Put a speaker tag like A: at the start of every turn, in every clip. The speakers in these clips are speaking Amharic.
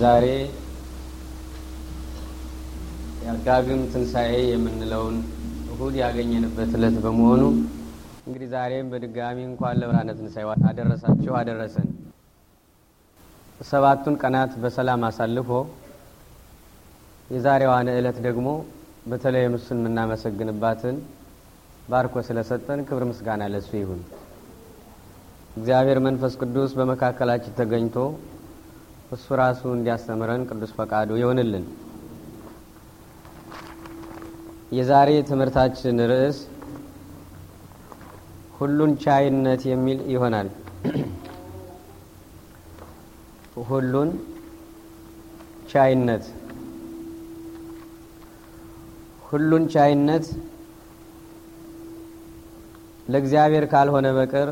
A: ዛሬ ዳግም ትንሣኤ የምንለውን እሁድ ያገኘንበት ዕለት በመሆኑ እንግዲህ ዛሬም በድጋሚ እንኳን ለብርሃነ ትንሣኤ አደረሳችሁ አደረሰን። ሰባቱን ቀናት በሰላም አሳልፎ የዛሬዋን ዕለት ደግሞ በተለይ እሱን የምናመሰግንባትን ባርኮ ስለሰጠን ክብር ምስጋና ለሱ ይሁን። እግዚአብሔር መንፈስ ቅዱስ በመካከላችን ተገኝቶ እሱ ራሱ እንዲያስተምረን ቅዱስ ፈቃዱ ይሆንልን። የዛሬ ትምህርታችን ርዕስ ሁሉን ቻይነት የሚል ይሆናል። ሁሉን ቻይነት ሁሉን ቻይነት ለእግዚአብሔር ካልሆነ በቀር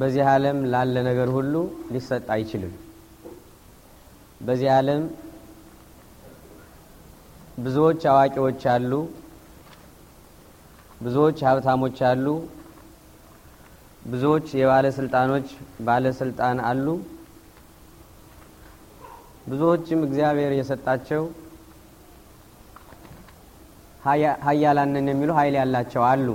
A: በዚህ ዓለም ላለ ነገር ሁሉ ሊሰጥ አይችልም። በዚህ ዓለም ብዙዎች አዋቂዎች አሉ፣ ብዙዎች ሀብታሞች አሉ፣ ብዙዎች የባለስልጣኖች ባለስልጣን አሉ፣ ብዙዎችም እግዚአብሔር የሰጣቸው ሀያላንን የሚሉ ኃይል ያላቸው አሉ።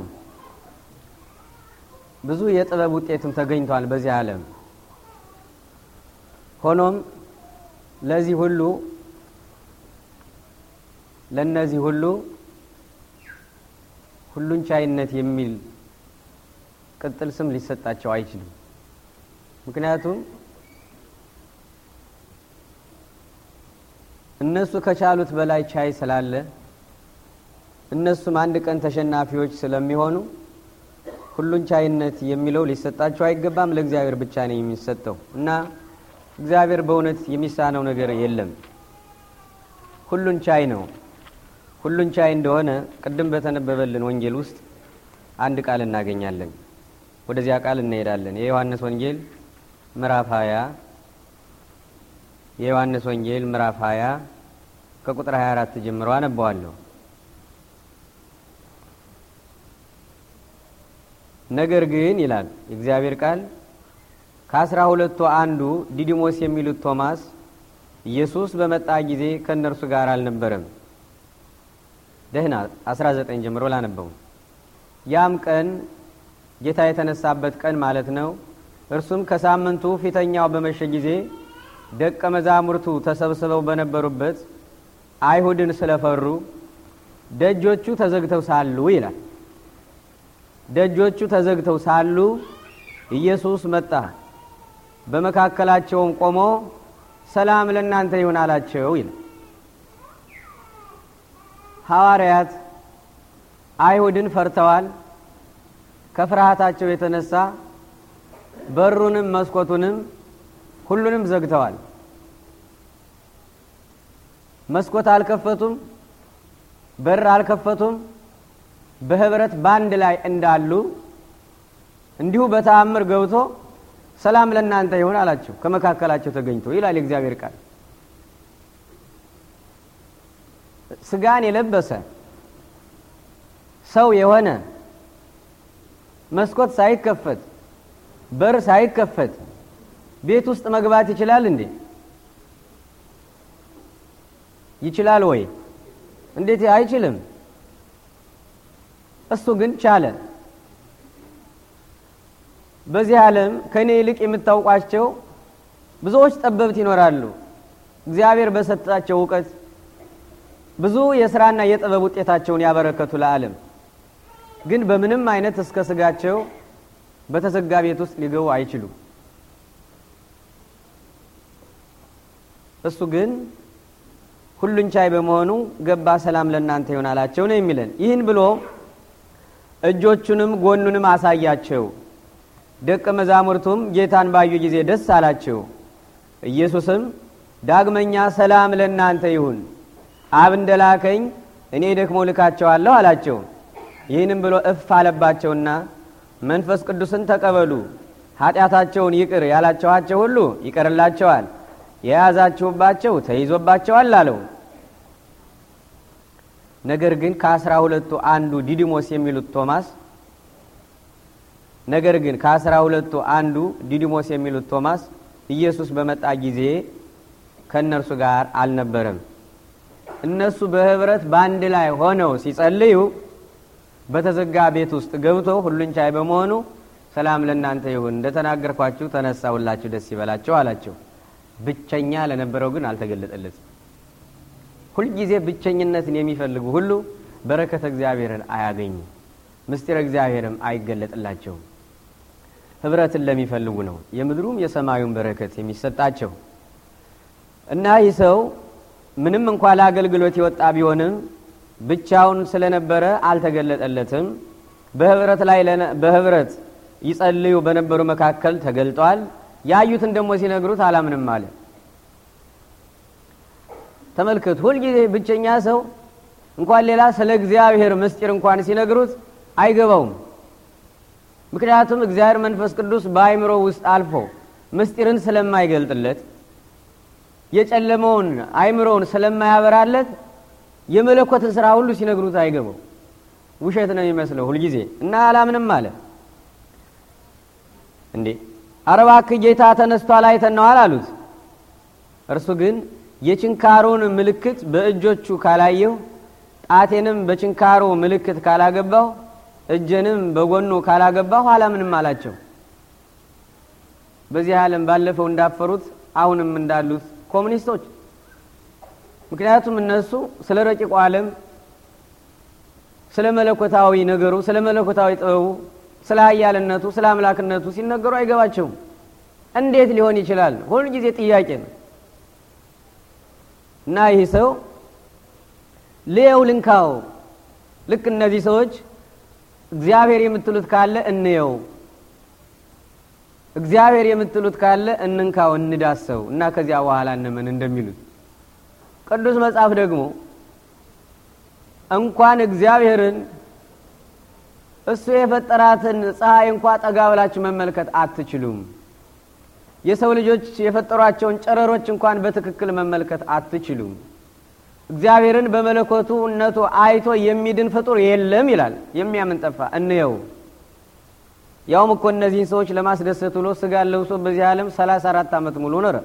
A: ብዙ የጥበብ ውጤትም ተገኝቷል በዚህ ዓለም። ሆኖም ለዚህ ሁሉ ለእነዚህ ሁሉ ሁሉን ቻይነት የሚል ቅጥል ስም ሊሰጣቸው አይችልም። ምክንያቱም እነሱ ከቻሉት በላይ ቻይ ስላለ እነሱም አንድ ቀን ተሸናፊዎች ስለሚሆኑ ሁሉን ቻይነት የሚለው ሊሰጣቸው አይገባም። ለእግዚአብሔር ብቻ ነው የሚሰጠው እና እግዚአብሔር በእውነት የሚሳነው ነገር የለም። ሁሉን ቻይ ነው። ሁሉን ቻይ እንደሆነ ቅድም በተነበበልን ወንጌል ውስጥ አንድ ቃል እናገኛለን። ወደዚያ ቃል እንሄዳለን። የዮሐንስ ወንጌል ምዕራፍ 20 የዮሐንስ ወንጌል ምዕራፍ 20 ከቁጥር 24 ጀምሮ አነበዋለሁ። ነገር ግን ይላል የእግዚአብሔር ቃል ከአስራ ሁለቱ አንዱ ዲዲሞስ የሚሉት ቶማስ ኢየሱስ በመጣ ጊዜ ከእነርሱ ጋር አልነበረም። ደህና 19 ጀምሮ ላነበቡ። ያም ቀን ጌታ የተነሳበት ቀን ማለት ነው። እርሱም ከሳምንቱ ፊተኛው በመሸ ጊዜ ደቀ መዛሙርቱ ተሰብስበው በነበሩበት አይሁድን ስለፈሩ ደጆቹ ተዘግተው ሳሉ ይላል ደጆቹ ተዘግተው ሳሉ ኢየሱስ መጣ፣ በመካከላቸውም ቆሞ ሰላም ለእናንተ ይሁን አላቸው ይላል። ሐዋርያት አይሁድን ፈርተዋል። ከፍርሃታቸው የተነሳ በሩንም መስኮቱንም ሁሉንም ዘግተዋል። መስኮት አልከፈቱም፣ በር አልከፈቱም። በህብረት በአንድ ላይ እንዳሉ እንዲሁ በተአምር ገብቶ ሰላም ለእናንተ ይሁን አላቸው ከመካከላቸው ተገኝቶ ይላል የእግዚአብሔር ቃል። ስጋን የለበሰ ሰው የሆነ መስኮት ሳይከፈት በር ሳይከፈት ቤት ውስጥ መግባት ይችላል እንዴ? ይችላል ወይ? እንዴት አይችልም? እሱ ግን ቻለ። በዚህ ዓለም ከእኔ ይልቅ የምታውቋቸው ብዙዎች ጠበብት ይኖራሉ። እግዚአብሔር በሰጣቸው እውቀት ብዙ የስራና የጥበብ ውጤታቸውን ያበረከቱ ለዓለም ግን በምንም አይነት እስከ ስጋቸው በተዘጋ ቤት ውስጥ ሊገቡ አይችሉም። እሱ ግን ሁሉን ቻይ በመሆኑ ገባ። ሰላም ለእናንተ ይሆናላቸው ነው የሚለን። ይህን ብሎ እጆቹንም ጎኑንም አሳያቸው። ደቀ መዛሙርቱም ጌታን ባዩ ጊዜ ደስ አላቸው። ኢየሱስም ዳግመኛ ሰላም ለእናንተ ይሁን፣ አብ እንደላከኝ እኔ ደክሞ ልካቸዋለሁ አላቸው። ይህንም ብሎ እፍ አለባቸውና መንፈስ ቅዱስን ተቀበሉ፣ ኃጢአታቸውን ይቅር ያላችኋቸው ሁሉ ይቀርላቸዋል፣ የያዛችሁባቸው ተይዞባቸዋል አለው። ነገር ግን ከአስራ ሁለቱ አንዱ ዲዲሞስ የሚሉት ቶማስ ነገር ግን ከአስራ ሁለቱ አንዱ ዲዲሞስ የሚሉት ቶማስ ኢየሱስ በመጣ ጊዜ ከእነርሱ ጋር አልነበረም። እነሱ በህብረት በአንድ ላይ ሆነው ሲጸልዩ በተዘጋ ቤት ውስጥ ገብቶ ሁሉን ቻይ በመሆኑ ሰላም ለእናንተ ይሁን፣ እንደተናገርኳችሁ ተናገርኳችሁ ሁላችሁ ደስ ይበላቸው አላቸው። ብቸኛ ለነበረው ግን አልተገለጠለትም። ሁልጊዜ ብቸኝነትን የሚፈልጉ ሁሉ በረከተ እግዚአብሔርን አያገኙ ምስጢር እግዚአብሔርም አይገለጥላቸውም። ኅብረትን ለሚፈልጉ ነው የምድሩም የሰማዩን በረከት የሚሰጣቸው እና ይህ ሰው ምንም እንኳ ለአገልግሎት የወጣ ቢሆንም ብቻውን ስለነበረ አልተገለጠለትም። በኅብረት ላይ በኅብረት ይጸልዩ በነበሩ መካከል ተገልጧል። ያዩትን ደግሞ ሲነግሩት አላምንም አለ። ሁል ሁልጊዜ ብቸኛ ሰው እንኳን ሌላ ስለ እግዚአብሔር ምስጢር እንኳን ሲነግሩት አይገባውም። ምክንያቱም እግዚአብሔር መንፈስ ቅዱስ በአእምሮ ውስጥ አልፎ ምስጢርን ስለማይገልጥለት የጨለመውን አእምሮውን ስለማያበራለት የመለኮትን ስራ ሁሉ ሲነግሩት አይገባው፣ ውሸት ነው የሚመስለው ሁልጊዜ እና አላምንም አለ። እንዴ አረባክ ጌታ ተነስቷል አይተነዋል አሉት። እርሱ ግን የችንካሮን ምልክት በእጆቹ ካላየሁ ጣቴንም በችንካሮ ምልክት ካላገባሁ እጄንም በጎኑ ካላገባሁ አላምንም አላቸው። በዚህ ዓለም ባለፈው እንዳፈሩት አሁንም እንዳሉት ኮሙኒስቶች። ምክንያቱም እነሱ ስለ ረቂቁ ዓለም፣ ስለ መለኮታዊ ነገሩ፣ ስለ መለኮታዊ ጥበቡ፣ ስለ ኃያልነቱ፣ ስለ አምላክነቱ ሲነገሩ አይገባቸውም። እንዴት ሊሆን ይችላል? ጊዜ ጥያቄ ነው። እና ይህ ሰው ልየው ልንካው፣ ልክ እነዚህ ሰዎች እግዚአብሔር የምትሉት ካለ እንየው፣ እግዚአብሔር የምትሉት ካለ እንንካው፣ እንዳሰው እና ከዚያ በኋላ እነመን እንደሚሉት ቅዱስ መጽሐፍ ደግሞ እንኳን እግዚአብሔርን እሱ የፈጠራትን ፀሐይ እንኳ ጠጋ ብላችሁ መመልከት አትችሉም። የሰው ልጆች የፈጠሯቸውን ጨረሮች እንኳን በትክክል መመልከት አትችሉም። እግዚአብሔርን በመለኮቱ እነቱ አይቶ የሚድን ፍጡር የለም ይላል። የሚያምን ጠፋ። እንየው ያውም እኮ እነዚህን ሰዎች ለማስደሰት ብሎ ስጋ ለብሶ በዚህ ዓለም ሰላሳ አራት ዓመት ሙሉ ኖረ።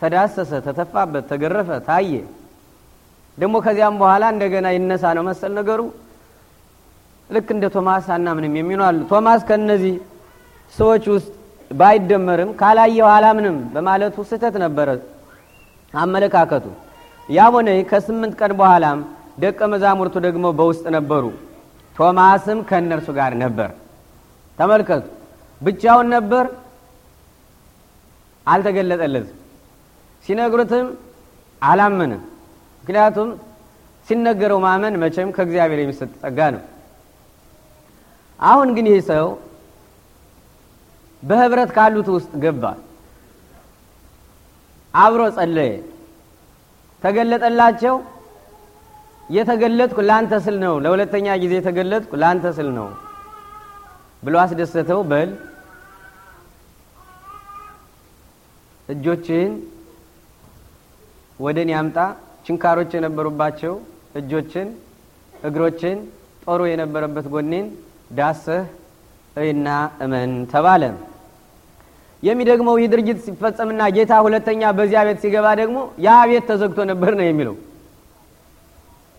A: ተዳሰሰ፣ ተተፋበት፣ ተገረፈ፣ ታየ። ደግሞ ከዚያም በኋላ እንደገና ይነሳ ነው መሰል ነገሩ። ልክ እንደ ቶማስ አናምንም የሚሉ አሉ። ቶማስ ከእነዚህ ሰዎች ውስጥ ባይደመርም ካላየው አላምንም በማለቱ ስህተት ነበረ አመለካከቱ። ያም ሆነ ከስምንት ቀን በኋላም ደቀ መዛሙርቱ ደግሞ በውስጥ ነበሩ፣ ቶማስም ከእነርሱ ጋር ነበር። ተመልከቱ፣ ብቻውን ነበር፣ አልተገለጠለትም። ሲነግሩትም አላመነ ምክንያቱም ሲነገረው ማመን መቼም ከእግዚአብሔር የሚሰጥ ጸጋ ነው። አሁን ግን ይህ ሰው በህብረት ካሉት ውስጥ ገባ። አብሮ ጸለየ። ተገለጠላቸው። የተገለጥኩ ላንተ ስል ነው፣ ለሁለተኛ ጊዜ የተገለጥኩ ላንተ ስል ነው ብሎ አስደሰተው። በል እጆችህን ወደ እኔ አምጣ። ችንካሮች የነበሩባቸው እጆችን፣ እግሮችን፣ ጦሩ የነበረበት ጎኔን ዳሰህ እና እመን ተባለ። የሚደግመው ይህ ድርጊት ሲፈጸምና ጌታ ሁለተኛ በዚያ ቤት ሲገባ ደግሞ ያ ቤት ተዘግቶ ነበር ነው የሚለው።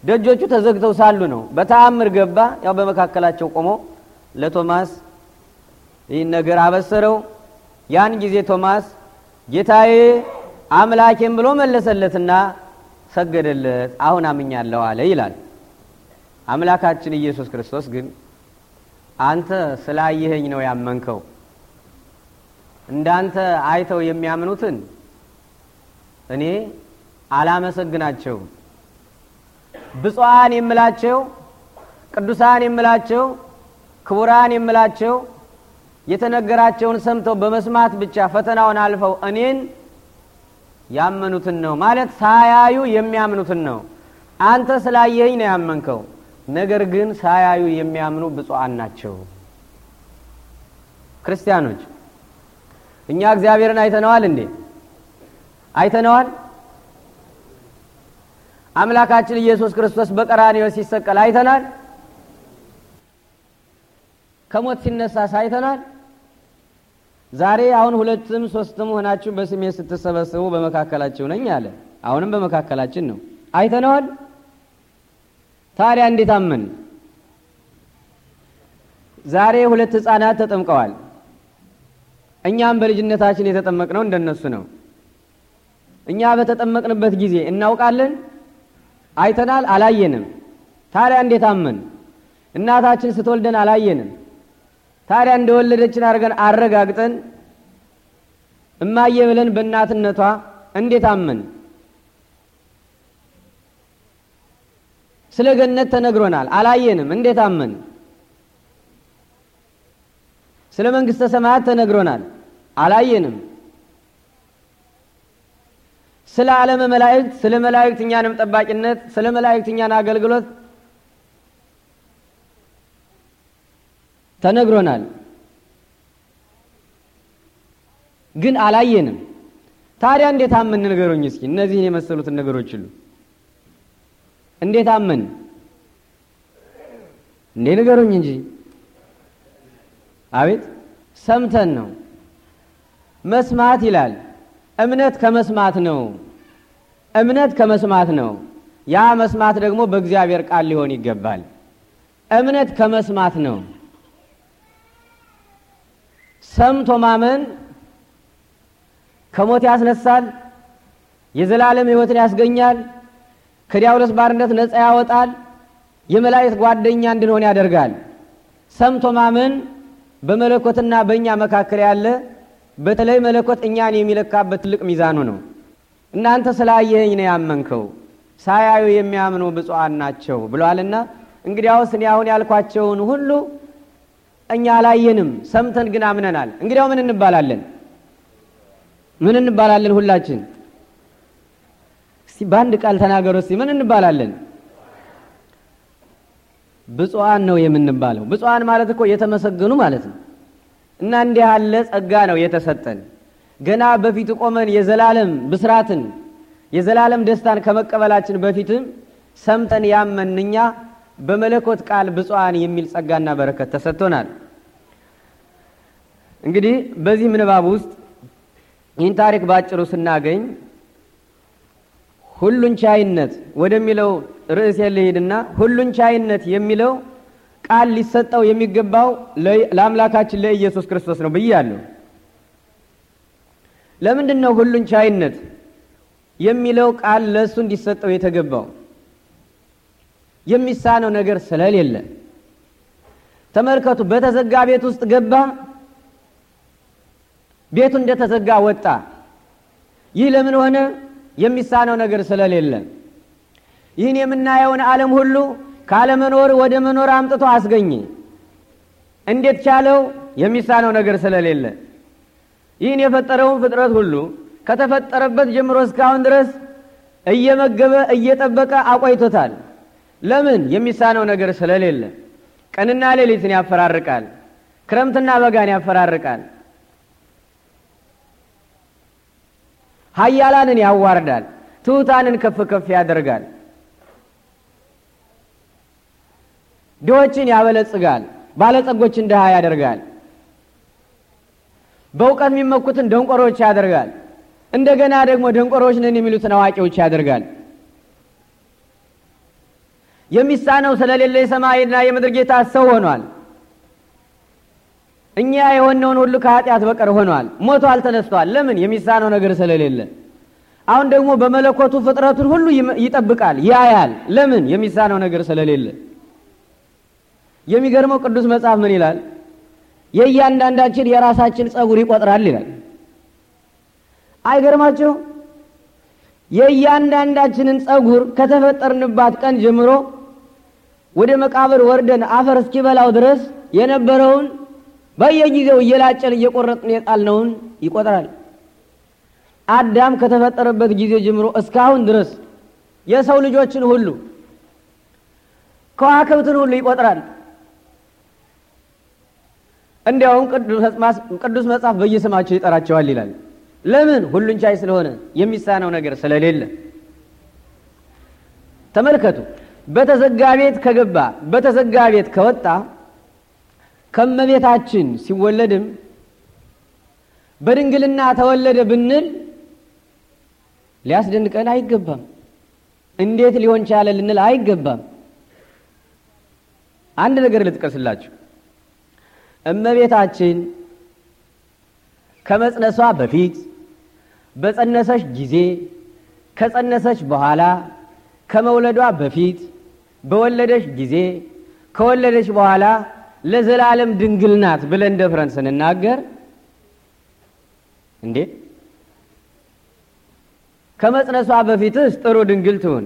A: ደጆቹ ተዘግተው ሳሉ ነው በተአምር ገባ። ያው በመካከላቸው ቆሞ ለቶማስ ይህን ነገር አበሰረው። ያን ጊዜ ቶማስ ጌታዬ አምላኬም ብሎ መለሰለትና ሰገደለት። አሁን አምኛለሁ አለ ይላል። አምላካችን ኢየሱስ ክርስቶስ ግን አንተ ስላየኸኝ ነው ያመንከው። እንዳንተ አይተው የሚያምኑትን እኔ አላመሰግናቸውም። ብፁዓን የምላቸው ቅዱሳን የምላቸው ክቡራን የምላቸው የተነገራቸውን ሰምተው በመስማት ብቻ ፈተናውን አልፈው እኔን ያመኑትን ነው ማለት ሳያዩ የሚያምኑትን ነው። አንተ ስላየኸኝ ነው ያመንከው ነገር ግን ሳያዩ የሚያምኑ ብፁዓን ናቸው። ክርስቲያኖች እኛ እግዚአብሔርን አይተነዋል እንዴ? አይተነዋል። አምላካችን ኢየሱስ ክርስቶስ በቀራንዮ ሲሰቀል አይተናል። ከሞት ሲነሳስ አይተናል። ዛሬ አሁን ሁለትም ሶስትም ሆናችሁ በስሜ ስትሰበሰቡ በመካከላችሁ ነኝ አለ። አሁንም በመካከላችን ነው። አይተነዋል። ታዲያ እንዴት አመን? ዛሬ ሁለት ህጻናት ተጠምቀዋል። እኛም በልጅነታችን የተጠመቅነው እንደነሱ ነው። እኛ በተጠመቅንበት ጊዜ እናውቃለን? አይተናል? አላየንም። ታዲያ እንዴት አመን? እናታችን ስትወልደን አላየንም። ታዲያ እንደወለደችን አድርገን አረጋግጠን እማየ ብለን በእናትነቷ እንዴት አመን? ስለ ገነት ተነግሮናል፣ አላየንም። እንዴት አመን? ስለ መንግስተ ሰማያት ተነግሮናል፣ አላየንም። ስለ አለመ መላእክት፣ ስለ መላእክት እኛንም ጠባቂነት፣ ስለ መላእክት እኛን አገልግሎት ተነግሮናል፣ ግን አላየንም። ታዲያ እንዴት አመን? ንገሩኝ እስኪ እነዚህን የመሰሉትን ነገሮች ሁሉ እንዴት አመን እንዴ? ንገሩኝ እንጂ። አቤት ሰምተን ነው። መስማት ይላል። እምነት ከመስማት ነው። እምነት ከመስማት ነው። ያ መስማት ደግሞ በእግዚአብሔር ቃል ሊሆን ይገባል። እምነት ከመስማት ነው። ሰምቶ ማመን ከሞት ያስነሳል፣ የዘላለም ሕይወትን ያስገኛል። ከዲያብሎስ ባርነት ነፃ ያወጣል። የመላእክት ጓደኛ እንድንሆን ያደርጋል። ሰምቶ ማመን በመለኮትና በእኛ መካከል ያለ በተለይ መለኮት እኛን የሚለካበት ትልቅ ሚዛኑ ነው። እናንተ ስላየኸኝ ነው ያመንከው፣ ሳያዩ የሚያምኑ ብፁዓን ናቸው ብሏልና እንግዲያውስ እኔ አሁን ያልኳቸውን ሁሉ እኛ አላየንም፣ ሰምተን ግን አምነናል። እንግዲያው ምን እንባላለን? ምን እንባላለን ሁላችን በአንድ ቃል ተናገሩት ሲ ምን እንባላለን? ብፁዓን ነው የምንባለው። ብፁዓን ማለት እኮ የተመሰገኑ ማለት ነው። እና እንዲህ ያለ ጸጋ ነው የተሰጠን። ገና በፊት ቆመን የዘላለም ብስራትን የዘላለም ደስታን ከመቀበላችን በፊትም ሰምተን ያመን እኛ በመለኮት ቃል ብፁዓን የሚል ጸጋና በረከት ተሰጥቶናል። እንግዲህ በዚህ ምንባብ ውስጥ ይህን ታሪክ ባጭሩ ስናገኝ ሁሉን ቻይነት ወደሚለው ርዕስ ልሂድና ሁሉን ቻይነት የሚለው ቃል ሊሰጠው የሚገባው ለአምላካችን ለኢየሱስ ክርስቶስ ነው ብያለሁ። ለምንድን ነው ሁሉን ቻይነት የሚለው ቃል ለእሱ እንዲሰጠው የተገባው? የሚሳነው ነገር ስለሌለ። ተመልከቱ፣ በተዘጋ ቤት ውስጥ ገባ፣ ቤቱ እንደተዘጋ ወጣ። ይህ ለምን ሆነ? የሚሳነው ነገር ስለሌለ ይህን የምናየውን ዓለም ሁሉ ካለመኖር ወደ መኖር አምጥቶ አስገኘ። እንዴት ቻለው? የሚሳነው ነገር ስለሌለ ይህን የፈጠረውን ፍጥረት ሁሉ ከተፈጠረበት ጀምሮ እስካሁን ድረስ እየመገበ እየጠበቀ አቆይቶታል። ለምን? የሚሳነው ነገር ስለሌለ። ቀንና ሌሊትን ያፈራርቃል፣ ክረምትና በጋን ያፈራርቃል። ሀያላንን ያዋርዳል፣ ትሑታንን ከፍ ከፍ ያደርጋል፣ ድሆችን ያበለጽጋል፣ ባለጸጎችን ድሃ ያደርጋል፣ በእውቀት የሚመኩትን ደንቆሮች ያደርጋል። እንደገና ደግሞ ደንቆሮች ነን የሚሉትን አዋቂዎች ያደርጋል። የሚሳነው ስለሌለ የሰማይና የምድር ጌታ ሰው ሆኗል። እኛ የሆነውን ሁሉ ከኃጢአት በቀር ሆኗል ሞቷል፣ ተነስተዋል። ለምን? የሚሳነው ነገር ስለሌለ። አሁን ደግሞ በመለኮቱ ፍጥረቱን ሁሉ ይጠብቃል፣ ያያል። ለምን? የሚሳነው ነገር ስለሌለ። የሚገርመው ቅዱስ መጽሐፍ ምን ይላል? የእያንዳንዳችን የራሳችን ጸጉር ይቆጥራል ይላል። አይገርማችሁ? የእያንዳንዳችንን ጸጉር ከተፈጠርንባት ቀን ጀምሮ ወደ መቃብር ወርደን አፈር እስኪበላው ድረስ የነበረውን በየጊዜው እየላጨን እየቆረጥን የጣልነውን ይቆጥራል። አዳም ከተፈጠረበት ጊዜ ጀምሮ እስካሁን ድረስ የሰው ልጆችን ሁሉ ከዋክብትን ሁሉ ይቆጥራል። እንዲያውም ቅዱስ መጽሐፍ በየስማቸው ይጠራቸዋል ይላል። ለምን? ሁሉን ቻይ ስለሆነ የሚሳነው ነገር ስለሌለ። ተመልከቱ። በተዘጋ ቤት ከገባ በተዘጋ ቤት ከወጣ ከመቤታችን ሲወለድም በድንግልና ተወለደ ብንል ሊያስደንቀን አይገባም። እንዴት ሊሆን ቻለ ልንል አይገባም። አንድ ነገር ልጥቀስላችሁ። እመቤታችን ከመጽነሷ በፊት፣ በጸነሰች ጊዜ፣ ከጸነሰች በኋላ፣ ከመውለዷ በፊት፣ በወለደች ጊዜ፣ ከወለደች በኋላ ለዘላለም ድንግል ናት ብለን ደፍረን ስንናገር እንዴ ከመጽነሷ በፊትስ ጥሩ ድንግል ትሁን፣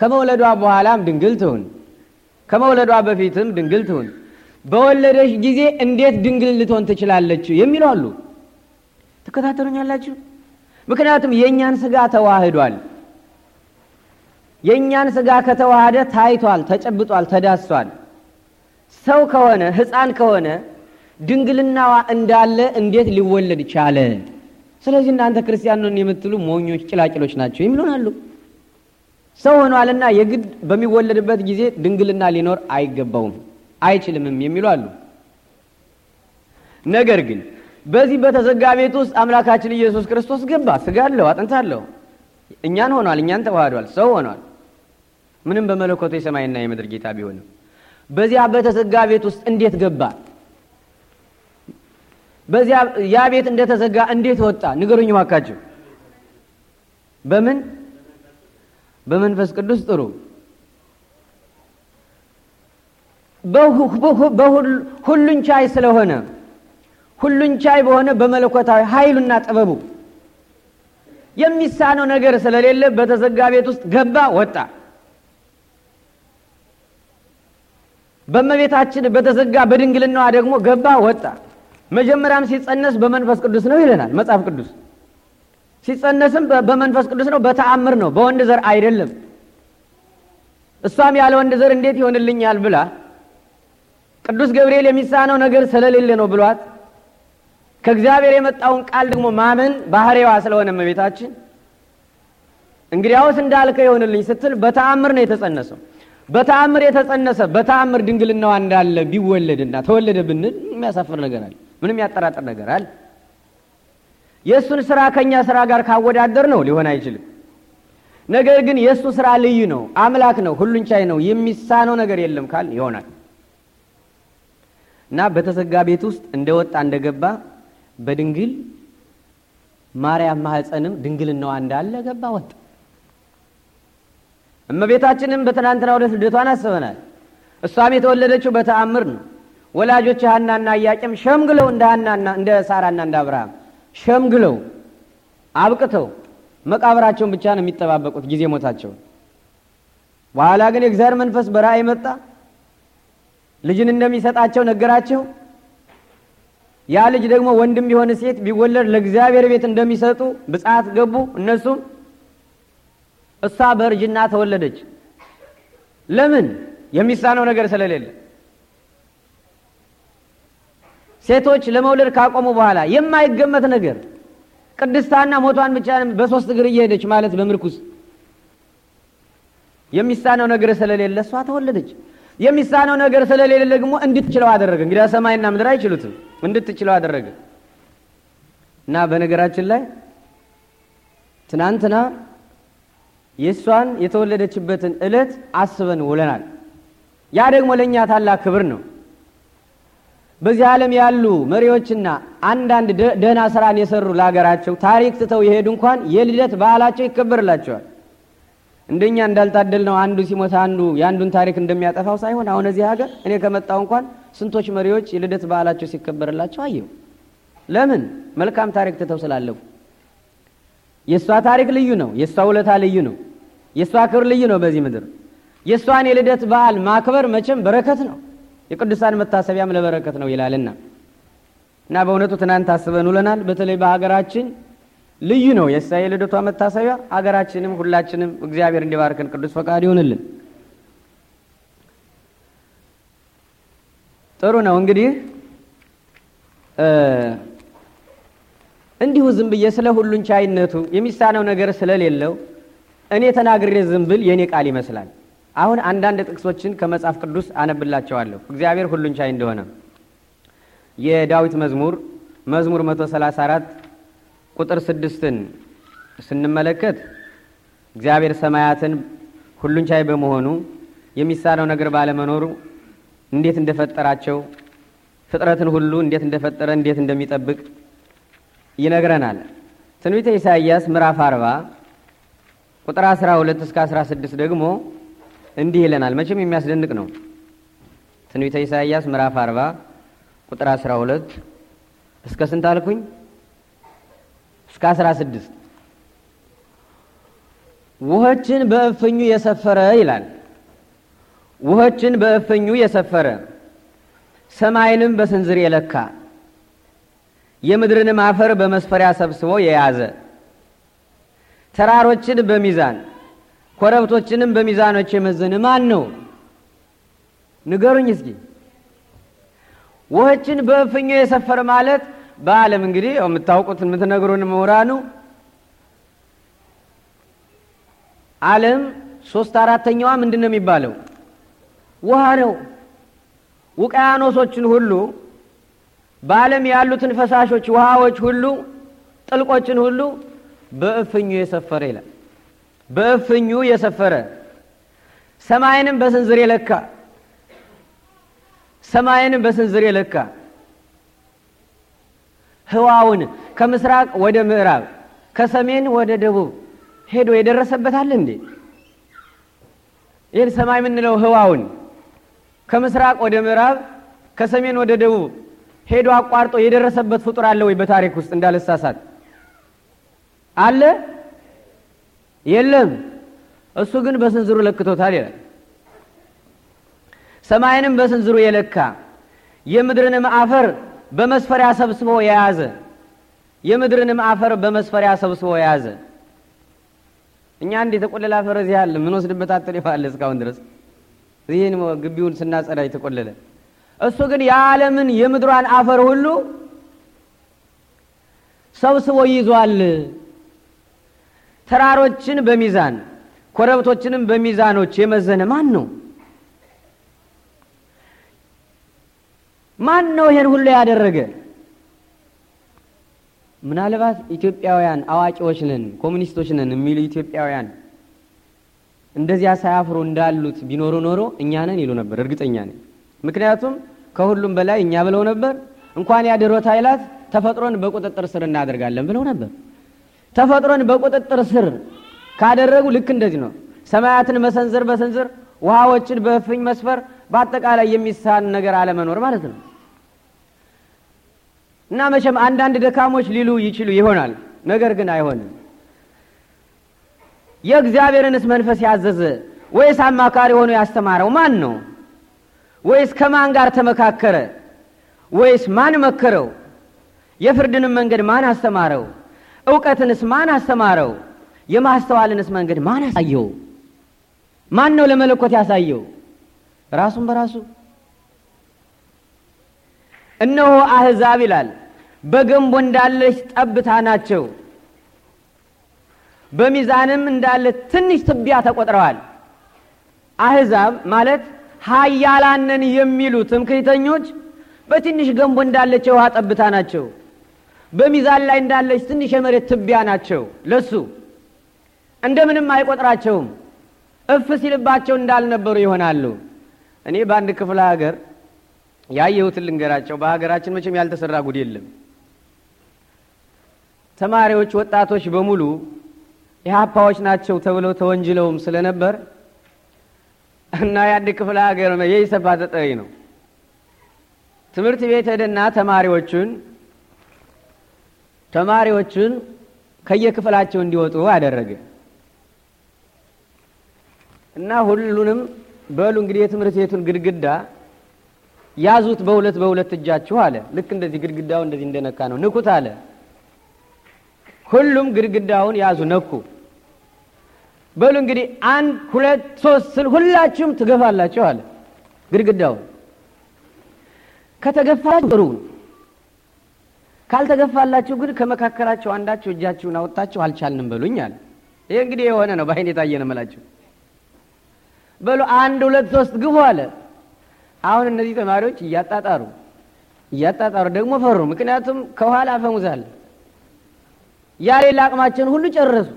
A: ከመውለዷ በኋላም ድንግል ትሁን፣ ከመውለዷ በፊትም ድንግል ትሁን፣ በወለደች ጊዜ እንዴት ድንግል ልትሆን ትችላለች የሚሉ አሉ። ትከታተሉኛላችሁ? ምክንያቱም የእኛን ስጋ ተዋህዷል። የእኛን ስጋ ከተዋህደ ታይቷል፣ ተጨብጧል፣ ተዳስቷል። ሰው ከሆነ ህፃን ከሆነ ድንግልናዋ እንዳለ እንዴት ሊወለድ ቻለ? ስለዚህ እናንተ ክርስቲያን ነን የምትሉ ሞኞች ጭላጭሎች ናቸው ይምሉናሉ። ሰው ሆኗልና የግድ በሚወለድበት ጊዜ ድንግልና ሊኖር አይገባውም አይችልምም የሚሉ አሉ። ነገር ግን በዚህ በተዘጋ ቤት ውስጥ አምላካችን ኢየሱስ ክርስቶስ ገባ። ስጋ አለው፣ አጥንት አለው። እኛን ሆኗል፣ እኛን ተዋህዷል፣ ሰው ሆኗል። ምንም በመለኮቱ የሰማይና የምድር ጌታ ቢሆንም በዚያ በተዘጋ ቤት ውስጥ እንዴት ገባ? በዚያ ያ ቤት እንደተዘጋ እንዴት ወጣ? ንገሩኝ እባካችሁ። በምን በመንፈስ ቅዱስ ጥሩ። ሁሉን ቻይ ስለሆነ ሁሉን ቻይ በሆነ በመለኮታዊ ኃይሉና ጥበቡ የሚሳነው ነገር ስለሌለ በተዘጋ ቤት ውስጥ ገባ፣ ወጣ። በእመቤታችን በተዘጋ በድንግልናዋ ደግሞ ገባ ወጣ። መጀመሪያም ሲጸነስ በመንፈስ ቅዱስ ነው ይለናል መጽሐፍ ቅዱስ። ሲጸነስም በመንፈስ ቅዱስ ነው፣ በተአምር ነው፣ በወንድ ዘር አይደለም። እሷም ያለ ወንድ ዘር እንዴት ይሆንልኛል ብላ ቅዱስ ገብርኤል የሚሳነው ነገር ስለሌለ ነው ብሏት ከእግዚአብሔር የመጣውን ቃል ደግሞ ማመን ባህሬዋ ስለሆነ እመቤታችን እንግዲያውስ እንዳልከ ይሆንልኝ ስትል በተአምር ነው የተጸነሰው። በተአምር የተጸነሰ በተአምር ድንግልናዋ እንዳለ ቢወለድና ተወለደ ብንል የሚያሳፍር ነገር አለ? ምንም ያጠራጥር ነገር አለ? የእሱን ስራ ከእኛ ስራ ጋር ካወዳደር ነው ሊሆን አይችልም። ነገር ግን የእሱ ስራ ልዩ ነው፣ አምላክ ነው፣ ሁሉን ቻይ ነው፣ የሚሳነው ነገር የለም ካል ይሆናል እና በተዘጋ ቤት ውስጥ እንደወጣ እንደገባ በድንግል ማርያም ማህፀንም ድንግልናዋ እንዳለ ገባ ወጣ። እመቤታችንም በትናንትና ወደ ስደቷን አስበናል። እሷም የተወለደችው በተአምር ነው። ወላጆች ሀናና እያቄም ሸምግለው እንደ እንደ ሳራና እንደ አብርሃም ሸምግለው አብቅተው መቃብራቸውን ብቻ ነው የሚጠባበቁት ጊዜ ሞታቸውን። በኋላ ግን የእግዚአብሔር መንፈስ በራእይ መጣ። ልጅን እንደሚሰጣቸው ነገራቸው። ያ ልጅ ደግሞ ወንድም ቢሆን ሴት ቢወለድ ለእግዚአብሔር ቤት እንደሚሰጡ ብጽዓት ገቡ እነሱም እሷ በእርጅና ተወለደች። ለምን? የሚሳነው ነገር ስለሌለ። ሴቶች ለመውለድ ካቆሙ በኋላ የማይገመት ነገር ቅድስታና ሞቷን ብቻ በሶስት እግር እየሄደች ማለት በምርኩስ የሚሳነው ነገር ስለሌለ እሷ ተወለደች። የሚሳነው ነገር ስለሌለ ደግሞ እንድትችለው አደረገ። እንግዲያ ሰማይና ምድር አይችሉትም፣ እንድትችለው አደረገ እና በነገራችን ላይ ትናንትና የእሷን የተወለደችበትን ዕለት አስበን ውለናል። ያ ደግሞ ለእኛ ታላቅ ክብር ነው። በዚህ ዓለም ያሉ መሪዎችና አንዳንድ ደህና ስራን የሰሩ ለሀገራቸው ታሪክ ትተው የሄዱ እንኳን የልደት በዓላቸው ይከበርላቸዋል። እንደኛ እንዳልታደል ነው። አንዱ ሲሞት አንዱ የአንዱን ታሪክ እንደሚያጠፋው ሳይሆን አሁን እዚህ ሀገር እኔ ከመጣው እንኳን ስንቶች መሪዎች የልደት በዓላቸው ሲከበርላቸው አየሁ። ለምን? መልካም ታሪክ ትተው ስላለፉ። የእሷ ታሪክ ልዩ ነው። የእሷ ውለታ ልዩ ነው። የእሷ ክብር ልዩ ነው በዚህ ምድር። የእሷን የልደት በዓል ማክበር መቼም በረከት ነው። የቅዱሳን መታሰቢያም ለበረከት ነው ይላልና እና በእውነቱ ትናንት አስበን ውለናል። በተለይ በሀገራችን ልዩ ነው የእሷ የልደቷ መታሰቢያ። ሀገራችንም ሁላችንም እግዚአብሔር እንዲባርክን ቅዱስ ፈቃድ ይሆንልን። ጥሩ ነው እንግዲህ እንዲሁ ዝም ብዬ ስለ ሁሉን ቻይነቱ የሚሳነው ነገር ስለሌለው እኔ ተናግሬ ዝም ብል የእኔ ቃል ይመስላል። አሁን አንዳንድ ጥቅሶችን ከመጽሐፍ ቅዱስ አነብላቸዋለሁ። እግዚአብሔር ሁሉን ቻይ እንደሆነ የዳዊት መዝሙር መዝሙር 134 ቁጥር ስድስትን ስንመለከት እግዚአብሔር ሰማያትን ሁሉን ቻይ በመሆኑ የሚሳነው ነገር ባለመኖሩ እንዴት እንደፈጠራቸው ፍጥረትን ሁሉ እንዴት እንደፈጠረ እንዴት እንደሚጠብቅ ይነግረናል። ትንቢተ ኢሳይያስ ምዕራፍ 40 ቁጥር 12 እስከ 16 ደግሞ እንዲህ ይለናል። መቼም የሚያስደንቅ ነው። ትንቢተ ኢሳይያስ ምዕራፍ 40 ቁጥር 12 እስከ ስንት አልኩኝ? እስከ 16 ውሆችን በእፍኙ የሰፈረ ይላል። ውሆችን በእፍኙ የሰፈረ ሰማይንም በስንዝር የለካ የምድርንም አፈር በመስፈሪያ ሰብስቦ የያዘ ተራሮችን በሚዛን ኮረብቶችንም በሚዛኖች የመዘነ ማን ነው? ንገሩኝ እስኪ። ውሆችን በእፍኞ የሰፈረ ማለት በዓለም እንግዲህ የምታውቁት የምትነግሩን ምሁራኑ ዓለም ሶስት አራተኛዋ ምንድን ነው የሚባለው? ውሃ ነው። ውቅያኖሶችን ሁሉ በዓለም ያሉትን ፈሳሾች ውሃዎች ሁሉ ጥልቆችን ሁሉ በእፍኙ የሰፈረ ይላል። በእፍኙ የሰፈረ ሰማይንም በስንዝር የለካ ሰማይንም በስንዝር የለካ ህዋውን ከምስራቅ ወደ ምዕራብ ከሰሜን ወደ ደቡብ ሄዶ የደረሰበታል እንዴ? ይህን ሰማይ የምንለው ህዋውን ከምስራቅ ወደ ምዕራብ ከሰሜን ወደ ደቡብ ሄዶ አቋርጦ የደረሰበት ፍጡር አለ ወይ በታሪክ ውስጥ እንዳልሳሳት አለ የለም። እሱ ግን በስንዝሩ ለክቶታል ይላል። ሰማይንም በስንዝሩ የለካ የምድርንም አፈር በመስፈሪያ ሰብስቦ የያዘ የምድርንም አፈር በመስፈሪያ ሰብስቦ የያዘ እኛ እንዴ የተቆለለ አፈር እዚህ አለ። ምን ወስድበት አጥሪፋ አለ እስካሁን ድረስ ይህን ግቢውን ስናጸዳ የተቆለለ እሱ ግን የዓለምን የምድሯን አፈር ሁሉ ሰብስቦ ይዟል። ተራሮችን በሚዛን ኮረብቶችንም በሚዛኖች የመዘነ ማን ነው? ማን ነው ይሄን ሁሉ ያደረገ? ምናልባት ኢትዮጵያውያን አዋቂዎች ነን፣ ኮሚኒስቶች ነን የሚሉ ኢትዮጵያውያን እንደዚያ ሳያፍሩ እንዳሉት ቢኖሩ ኖሮ እኛ ነን ይሉ ነበር። እርግጠኛ ነኝ። ምክንያቱም ከሁሉም በላይ እኛ ብለው ነበር። እንኳን ያድሮት ኃይላት ተፈጥሮን በቁጥጥር ስር እናደርጋለን ብለው ነበር። ተፈጥሮን በቁጥጥር ስር ካደረጉ ልክ እንደዚህ ነው። ሰማያትን መሰንዘር በሰንዘር ውሃዎችን በእፍኝ መስፈር፣ በአጠቃላይ የሚሳን ነገር አለመኖር ማለት ነው። እና መቼም አንዳንድ ደካሞች ሊሉ ይችሉ ይሆናል። ነገር ግን አይሆንም። የእግዚአብሔርንስ መንፈስ ያዘዘ ወይስ አማካሪ ሆኖ ያስተማረው ማን ነው? ወይስ ከማን ጋር ተመካከረ? ወይስ ማን መከረው? የፍርድንም መንገድ ማን አስተማረው? እውቀትንስ ማን አስተማረው? የማስተዋልንስ መንገድ ማን አሳየው? ማን ነው ለመለኮት ያሳየው? ራሱን በራሱ እነሆ አህዛብ ይላል በገንቦ እንዳለች ጠብታ ናቸው፣ በሚዛንም እንዳለ ትንሽ ትቢያ ተቆጥረዋል። አህዛብ ማለት ሀያላነን የሚሉ ትምክህተኞች በትንሽ ገንቦ እንዳለች የውሃ ጠብታ ናቸው። በሚዛን ላይ እንዳለች ትንሽ የመሬት ትቢያ ናቸው። ለሱ እንደምንም አይቆጥራቸውም። እፍ ሲልባቸው እንዳልነበሩ ይሆናሉ። እኔ በአንድ ክፍለ ሀገር ያየሁትን ልንገራቸው። በሀገራችን መቼም ያልተሰራ ጉድ የለም። ተማሪዎች፣ ወጣቶች በሙሉ የሀፓዎች ናቸው ተብለው ተወንጅለውም ስለነበር እና የአንድ ክፍለ ሀገር የይሰፋ ተጠሪ ነው ትምህርት ቤት ሄደና ተማሪዎቹን ተማሪዎችን ከየክፍላቸው እንዲወጡ አደረገ እና ሁሉንም በሉ እንግዲህ የትምህርት ቤቱን ግድግዳ ያዙት በሁለት በሁለት እጃችሁ አለ። ልክ እንደዚህ ግድግዳው እንደዚህ እንደነካ ነው። ንኩት አለ። ሁሉም ግድግዳውን ያዙ፣ ነኩ። በሉ እንግዲህ አንድ ሁለት ሶስት ስል ሁላችሁም ትገፋላችሁ አለ ግድግዳውን ከተገፋ ጥሩ ነው። ካልተገፋላችሁ ግን ከመካከላችሁ አንዳችሁ እጃችሁን አወጣችሁ አልቻልንም በሉኝ አለ። ይህ እንግዲህ የሆነ ነው፣ በአይን የታየ ነው መላችሁ በሉ አንድ ሁለት ሶስት ግቡ አለ። አሁን እነዚህ ተማሪዎች እያጣጣሩ እያጣጣሩ ደግሞ ፈሩ። ምክንያቱም ከኋላ አፈሙዛል ያሌለ አቅማችን ሁሉ ጨረሱ።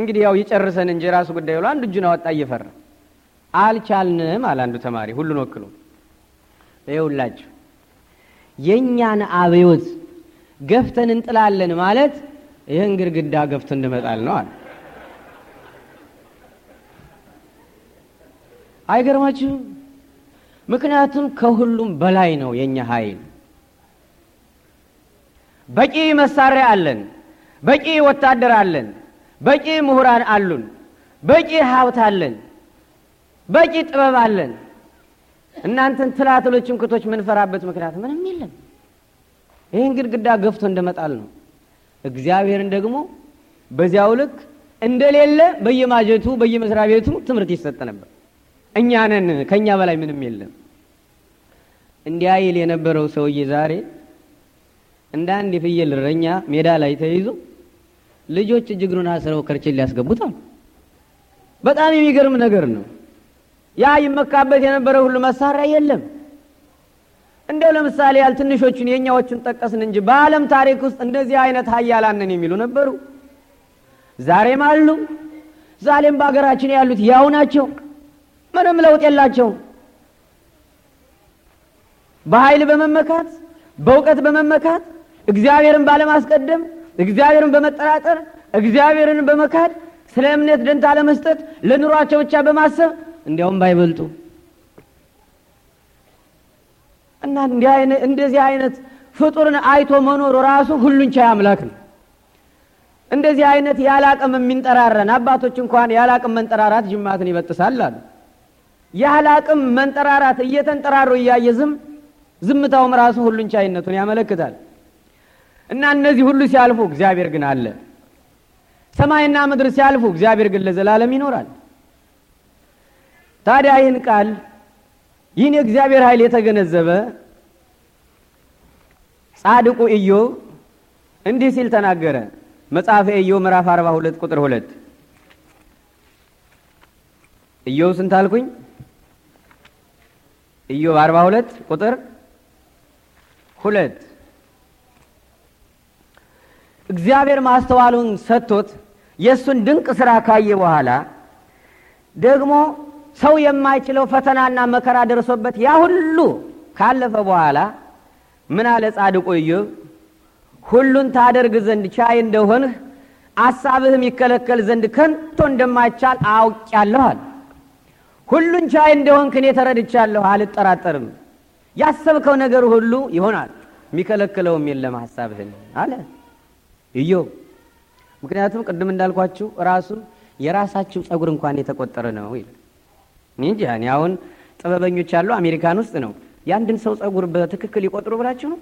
A: እንግዲህ ያው ይጨርሰን እንጂ ራሱ ጉዳይ ብሎ አንዱ እጁን አወጣ እየፈራ አልቻልንም አለ አንዱ ተማሪ ሁሉን ወክሎ ይኸውላችሁ የእኛን አብዮት ገፍተን እንጥላለን ማለት ይህን ግድግዳ ገፍቶ እንመጣል ነው አለ። አይገርማችሁም? ምክንያቱም ከሁሉም በላይ ነው የእኛ ኃይል። በቂ መሳሪያ አለን፣ በቂ ወታደር አለን፣ በቂ ምሁራን አሉን፣ በቂ ሀብት አለን፣ በቂ ጥበብ አለን። እናንተን ትላትሎች እንክቶች ምንፈራበት ምክንያት ምንም የለም። ይህን ግድግዳ ገፍቶ እንደመጣል ነው። እግዚአብሔርን ደግሞ በዚያው ልክ እንደሌለ በየማጀቱ በየመስሪያ ቤቱ ትምህርት ይሰጥ ነበር። እኛ ከእኛ በላይ ምንም የለም። እንዲያ ይል የነበረው ሰውዬ ዛሬ እንደ አንድ የፍየል እረኛ ሜዳ ላይ ተይዞ ልጆች እጅግሩን አስረው ከርቼ ሊያስገቡት አሉ። በጣም የሚገርም ነገር ነው። ያ ይመካበት የነበረ ሁሉ መሳሪያ የለም። እንደው ለምሳሌ ያህል ትንሾቹን የእኛዎቹን ጠቀስን እንጂ በዓለም ታሪክ ውስጥ እንደዚህ አይነት ሀያላንን የሚሉ ነበሩ፣ ዛሬም አሉ። ዛሬም በሀገራችን ያሉት ያው ናቸው። ምንም ለውጥ የላቸውም። በኃይል በመመካት በእውቀት በመመካት እግዚአብሔርን ባለማስቀደም እግዚአብሔርን በመጠራጠር እግዚአብሔርን በመካድ ስለ እምነት ደንታ ለመስጠት ለኑሯቸው ብቻ በማሰብ እንዲያውም ባይበልጡ እና እንደዚህ አይነት ፍጡርን አይቶ መኖሩ ራሱ ሁሉን ቻይ አምላክ ነው። እንደዚህ አይነት ያላቅም የሚንጠራረን አባቶች እንኳን ያላቅም መንጠራራት ጅማትን ይበጥሳል አሉ። ያላቅም መንጠራራት እየተንጠራሩ እያየ ዝም ዝምታውም ራሱ ሁሉን ቻይነቱን ያመለክታል። እና እነዚህ ሁሉ ሲያልፉ እግዚአብሔር ግን አለ። ሰማይና ምድር ሲያልፉ እግዚአብሔር ግን ለዘላለም ይኖራል። ታዲያ ይህን ቃል ይህን የእግዚአብሔር ኃይል የተገነዘበ ጻድቁ ኢዮብ እንዲህ ሲል ተናገረ። መጽሐፈ ኢዮብ ምዕራፍ 42 ቁጥር 2 ኢዮብ ስንት አልኩኝ? ኢዮብ 42 ቁጥር 2 እግዚአብሔር ማስተዋሉን ሰጥቶት የእሱን ድንቅ ስራ ካየ በኋላ ደግሞ ሰው የማይችለው ፈተናና መከራ ደርሶበት ያ ሁሉ ካለፈ በኋላ ምን አለ ጻድቁ ኢዮብ? ሁሉን ታደርግ ዘንድ ቻይ እንደሆንህ አሳብህም ይከለከል ዘንድ ከንቶ እንደማይቻል አውቅ አለ። ሁሉን ቻይ እንደሆንክ እኔ ተረድቻለሁ፣ አልጠራጠርም። ያሰብከው ነገር ሁሉ ይሆናል፣ የሚከለክለውም የለም ሀሳብህን አለ ኢዮብ። ምክንያቱም ቅድም እንዳልኳችሁ ራሱ የራሳችሁ ጸጉር እንኳን የተቆጠረ ነው ይላል። እንጂ እኔ አሁን ጥበበኞች ያሉ አሜሪካን ውስጥ ነው። የአንድን ሰው ጸጉር በትክክል ይቆጥሩ ብላችሁ ነው።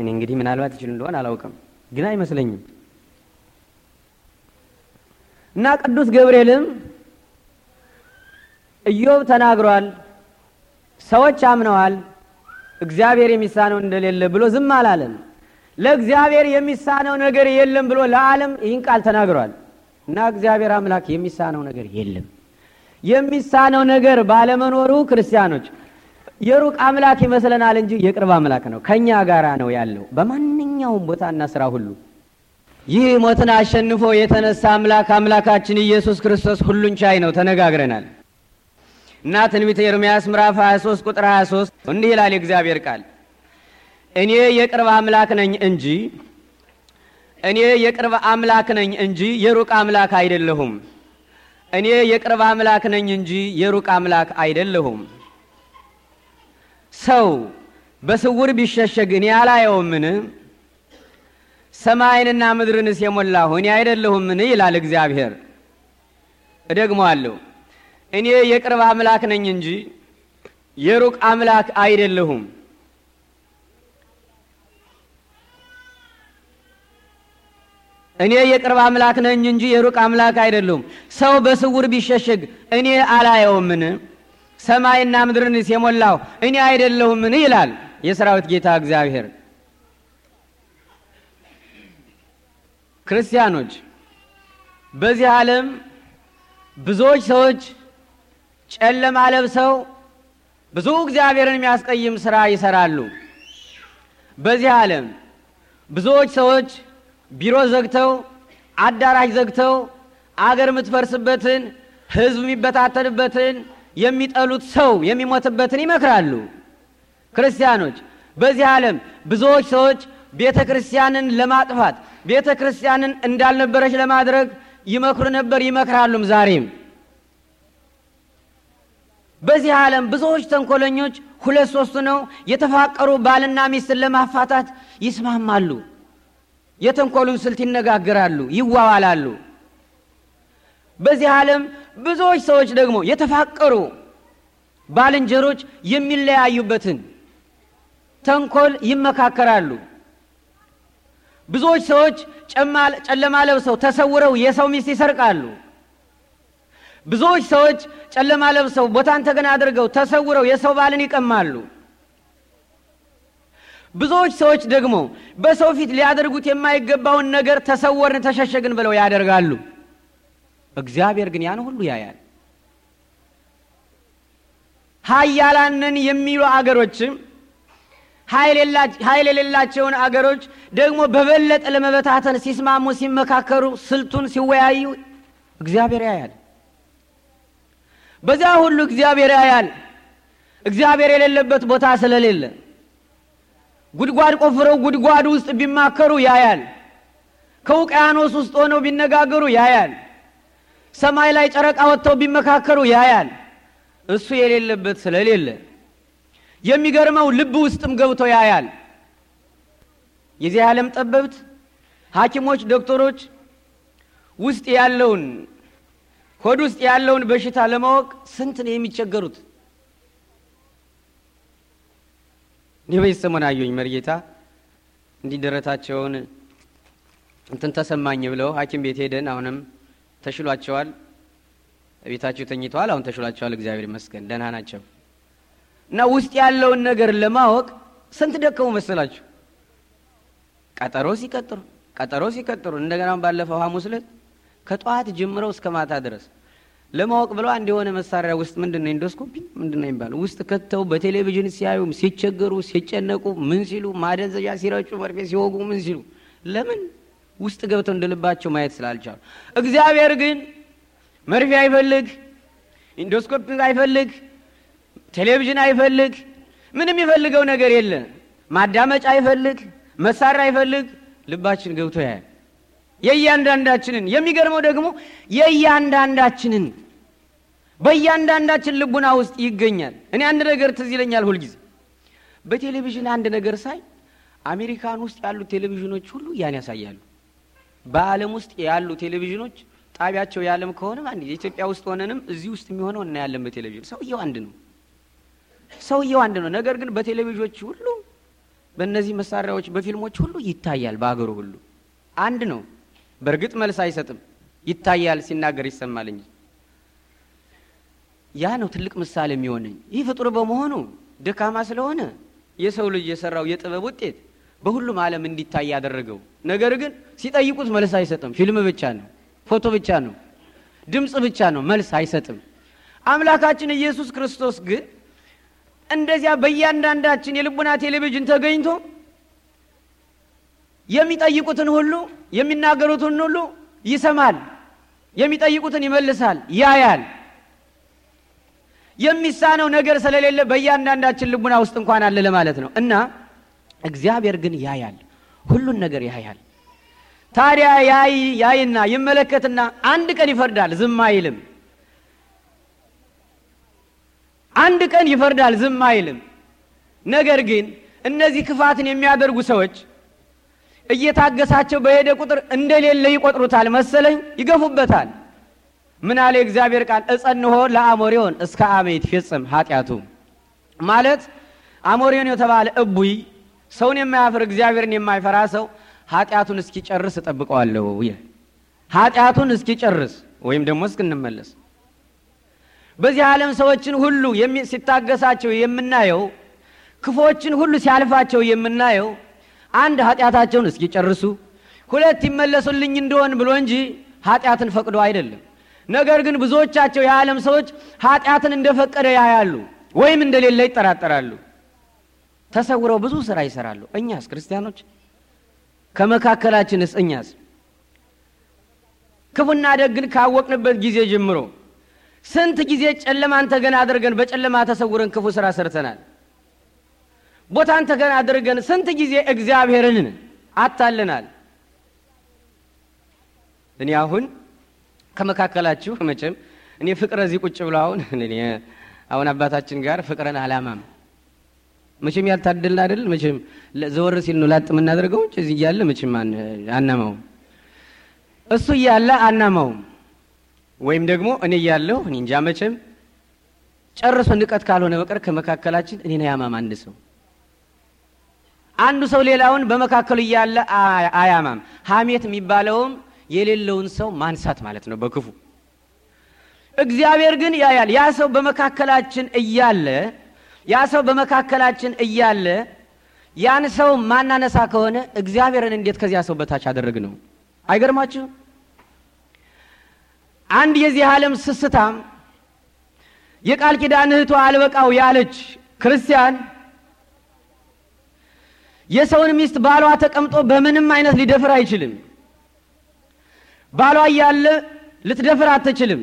A: እኔ እንግዲህ ምናልባት ይችል እንደሆን አላውቅም፣ ግን አይመስለኝም። እና ቅዱስ ገብርኤልም እዮብ ተናግሯል፣ ሰዎች አምነዋል፣ እግዚአብሔር የሚሳነው እንደሌለ ብሎ ዝም አላለም። ለእግዚአብሔር የሚሳነው ነገር የለም ብሎ ለዓለም ይህን ቃል ተናግሯል። እና እግዚአብሔር አምላክ የሚሳነው ነገር የለም። የሚሳነው ነገር ባለመኖሩ ክርስቲያኖች የሩቅ አምላክ ይመስለናል እንጂ የቅርብ አምላክ ነው። ከኛ ጋር ነው ያለው በማንኛውም ቦታና ስራ ሁሉ። ይህ ሞትን አሸንፎ የተነሳ አምላክ አምላካችን ኢየሱስ ክርስቶስ ሁሉን ቻይ ነው፣ ተነጋግረናል እና ትንቢት ኤርምያስ ምዕራፍ 23 ቁጥር 23 እንዲህ ይላል የእግዚአብሔር ቃል እኔ የቅርብ አምላክ ነኝ እንጂ እኔ የቅርብ አምላክ ነኝ እንጂ የሩቅ አምላክ አይደለሁም። እኔ የቅርብ አምላክ ነኝ እንጂ የሩቅ አምላክ አይደለሁም። ሰው በስውር ቢሸሸግ እኔ አላየውምን? ሰማይንና ምድርንስ የሞላሁ እኔ አይደለሁምን? ይላል እግዚአብሔር። እደግመዋለሁ። እኔ የቅርብ አምላክ ነኝ እንጂ የሩቅ አምላክ አይደለሁም። እኔ የቅርብ አምላክ ነኝ እንጂ የሩቅ አምላክ አይደለሁም። ሰው በስውር ቢሸሸግ እኔ አላየውምን? ሰማይና ምድርንስ የሞላሁ እኔ አይደለሁምን? ይላል የሰራዊት ጌታ እግዚአብሔር። ክርስቲያኖች በዚህ ዓለም ብዙዎች ሰዎች ጨለማ ለብሰው ብዙ እግዚአብሔርን የሚያስቀይም ስራ ይሰራሉ። በዚህ ዓለም ብዙዎች ሰዎች ቢሮ ዘግተው አዳራሽ ዘግተው አገር የምትፈርስበትን ህዝብ የሚበታተንበትን የሚጠሉት ሰው የሚሞትበትን ይመክራሉ። ክርስቲያኖች በዚህ ዓለም ብዙዎች ሰዎች ቤተ ክርስቲያንን ለማጥፋት ቤተ ክርስቲያንን እንዳልነበረች ለማድረግ ይመክሩ ነበር፣ ይመክራሉም ዛሬም። በዚህ ዓለም ብዙዎች ተንኮለኞች ሁለት ሶስቱ ነው የተፋቀሩ ባልና ሚስትን ለማፋታት ይስማማሉ። የተንኮሉን ስልት ይነጋገራሉ፣ ይዋዋላሉ። በዚህ ዓለም ብዙዎች ሰዎች ደግሞ የተፋቀሩ ባልንጀሮች የሚለያዩበትን ተንኮል ይመካከራሉ። ብዙዎች ሰዎች ጨለማ ለብሰው ተሰውረው የሰው ሚስት ይሰርቃሉ። ብዙዎች ሰዎች ጨለማ ለብሰው ቦታን ተገና አድርገው ተሰውረው የሰው ባልን ይቀማሉ። ብዙዎች ሰዎች ደግሞ በሰው ፊት ሊያደርጉት የማይገባውን ነገር ተሰወርን፣ ተሸሸግን ብለው ያደርጋሉ። እግዚአብሔር ግን ያን ሁሉ ያያል። ሀያላንን የሚሉ አገሮችም ኃይል የሌላቸውን አገሮች ደግሞ በበለጠ ለመበታተን ሲስማሙ፣ ሲመካከሩ፣ ስልቱን ሲወያዩ እግዚአብሔር ያያል። በዚያ ሁሉ እግዚአብሔር ያያል። እግዚአብሔር የሌለበት ቦታ ስለሌለ ጉድጓድ ቆፍረው ጉድጓድ ውስጥ ቢማከሩ ያያል። ከውቅያኖስ ውስጥ ሆነው ቢነጋገሩ ያያል። ሰማይ ላይ ጨረቃ ወጥተው ቢመካከሩ ያያል። እሱ የሌለበት ስለሌለ የሚገርመው ልብ ውስጥም ገብቶ ያያል። የዚህ ዓለም ጠበብት ሐኪሞች፣ ዶክተሮች ውስጥ ያለውን ሆድ ውስጥ ያለውን በሽታ ለማወቅ ስንት ነው የሚቸገሩት? የበይ ሰሞን አዩኝ መርጌታ እንዲደረታቸውን እንትን ተሰማኝ ብለው ሐኪም ቤት ሄደን አሁንም ተሽሏቸዋል። ቤታቸው ተኝተዋል። አሁን ተሽሏቸዋል። እግዚአብሔር ይመስገን ደህና ናቸው። እና ውስጥ ያለውን ነገር ለማወቅ ስንት ደከሙ መሰላችሁ? ቀጠሮ ሲቀጥሩ ቀጠሮ ሲቀጥሩ እንደገናም ባለፈው ሐሙስ ዕለት ከጠዋት ጀምረው እስከ ማታ ድረስ ለማወቅ ብለው አንድ የሆነ መሳሪያ ውስጥ ምንድን ነው ኢንዶስኮፒ ምንድን ነው የሚባለው ውስጥ ከተው በቴሌቪዥን ሲያዩ ሲቸገሩ፣ ሲጨነቁ፣ ምን ሲሉ ማደንዘዣ ሲረጩ፣ መርፌ ሲወጉ፣ ምን ሲሉ ለምን ውስጥ ገብተው እንደልባቸው ማየት ስላልቻሉ። እግዚአብሔር ግን መርፌ አይፈልግ፣ ኢንዶስኮፒ አይፈልግ፣ ቴሌቪዥን አይፈልግ፣ ምንም የሚፈልገው ነገር የለ። ማዳመጫ አይፈልግ፣ መሳሪያ አይፈልግ፣ ልባችን ገብቶ ያያል። የእያንዳንዳችንን የሚገርመው ደግሞ የእያንዳንዳችንን በእያንዳንዳችን ልቡና ውስጥ ይገኛል። እኔ አንድ ነገር ትዝ ይለኛል ሁልጊዜ በቴሌቪዥን አንድ ነገር ሳይ አሜሪካን ውስጥ ያሉ ቴሌቪዥኖች ሁሉ ያን ያሳያሉ። በአለም ውስጥ ያሉ ቴሌቪዥኖች ጣቢያቸው የዓለም ከሆነም አንድ የኢትዮጵያ ውስጥ ሆነንም እዚህ ውስጥ የሚሆነው እናያለን በቴሌቪዥን ሰውየው አንድ ነው፣ ሰውየው አንድ ነው። ነገር ግን በቴሌቪዥኖች ሁሉ በእነዚህ መሳሪያዎች፣ በፊልሞች ሁሉ ይታያል። በአገሩ ሁሉ አንድ ነው። በእርግጥ መልስ አይሰጥም፣ ይታያል ሲናገር ይሰማል እንጂ። ያ ነው ትልቅ ምሳሌ የሚሆነኝ። ይህ ፍጡር በመሆኑ ደካማ ስለሆነ የሰው ልጅ የሰራው የጥበብ ውጤት በሁሉም ዓለም እንዲታይ ያደረገው፣ ነገር ግን ሲጠይቁት መልስ አይሰጥም። ፊልም ብቻ ነው፣ ፎቶ ብቻ ነው፣ ድምፅ ብቻ ነው፣ መልስ አይሰጥም። አምላካችን ኢየሱስ ክርስቶስ ግን እንደዚያ በእያንዳንዳችን የልቡና ቴሌቪዥን ተገኝቶ የሚጠይቁትን ሁሉ የሚናገሩትን ሁሉ ይሰማል፣ የሚጠይቁትን ይመልሳል፣ ያያል። የሚሳነው ነገር ስለሌለ በእያንዳንዳችን ልቡና ውስጥ እንኳን አለ ለማለት ነው። እና እግዚአብሔር ግን ያያል፣ ሁሉን ነገር ያያል። ታዲያ ያይ ያይና ይመለከትና አንድ ቀን ይፈርዳል፣ ዝም አይልም። አንድ ቀን ይፈርዳል፣ ዝም አይልም። ነገር ግን እነዚህ ክፋትን የሚያደርጉ ሰዎች እየታገሳቸው በሄደ ቁጥር እንደሌለ ይቆጥሩታል መሰለኝ፣ ይገፉበታል። ምን አለ እግዚአብሔር ቃል እጸንሆ ለአሞሪዮን እስከ አመ ፍጽም ኃጢአቱ ማለት አሞሪዮን የተባለ እቡይ ሰውን የማያፍር እግዚአብሔርን የማይፈራ ሰው ኃጢአቱን እስኪጨርስ እጠብቀዋለሁ ይላል። ኃጢአቱን እስኪጨርስ ወይም ደግሞ እስክንመለስ በዚህ ዓለም ሰዎችን ሁሉ ሲታገሳቸው የምናየው ክፎችን ሁሉ ሲያልፋቸው የምናየው አንድ ኃጢአታቸውን እስኪጨርሱ፣ ሁለት ይመለሱልኝ እንደሆን ብሎ እንጂ ኃጢአትን ፈቅዶ አይደለም። ነገር ግን ብዙዎቻቸው የዓለም ሰዎች ኃጢአትን እንደፈቀደ ያያሉ ወይም እንደሌለ ይጠራጠራሉ። ተሰውረው ብዙ ስራ ይሰራሉ። እኛስ ክርስቲያኖች ከመካከላችንስ እኛስ ክፉና ደግን ካወቅንበት ጊዜ ጀምሮ ስንት ጊዜ ጨለማን ተገን አድርገን በጨለማ ተሰውረን ክፉ ስራ ሰርተናል። ቦታን ተገን አድርገን ስንት ጊዜ እግዚአብሔርን አታለናል። እኔ አሁን ከመካከላችሁ መቼም እኔ ፍቅረ እዚህ ቁጭ ብሎ አሁን አሁን አባታችን ጋር ፍቅረን አላማም መቼም ያልታደልን አይደል? መቼም ዘወር ሲል ነው ላጥ የምናደርገው እንጂ እዚህ እያለ መቼም አናማውም። እሱ እያለ አናማውም፣ ወይም ደግሞ እኔ እያለሁ እኔ እንጃ መቼም ጨርሶ ንቀት ካልሆነ በቀር ከመካከላችን እኔን ያማም አንድ ሰው አንዱ ሰው ሌላውን በመካከሉ እያለ አያማም። ሀሜት የሚባለውም የሌለውን ሰው ማንሳት ማለት ነው በክፉ እግዚአብሔር ግን ያያል። ያ ሰው በመካከላችን እያለ ያ ሰው በመካከላችን እያለ ያን ሰው ማናነሳ ከሆነ እግዚአብሔርን እንዴት ከዚያ ሰው በታች አደረግ ነው? አይገርማችሁ? አንድ የዚህ ዓለም ስስታም የቃል ኪዳን እህቷ አልበቃው ያለች ክርስቲያን የሰውን ሚስት ባሏ ተቀምጦ በምንም አይነት ሊደፍር አይችልም። ባሏ እያለ ልትደፍር አትችልም።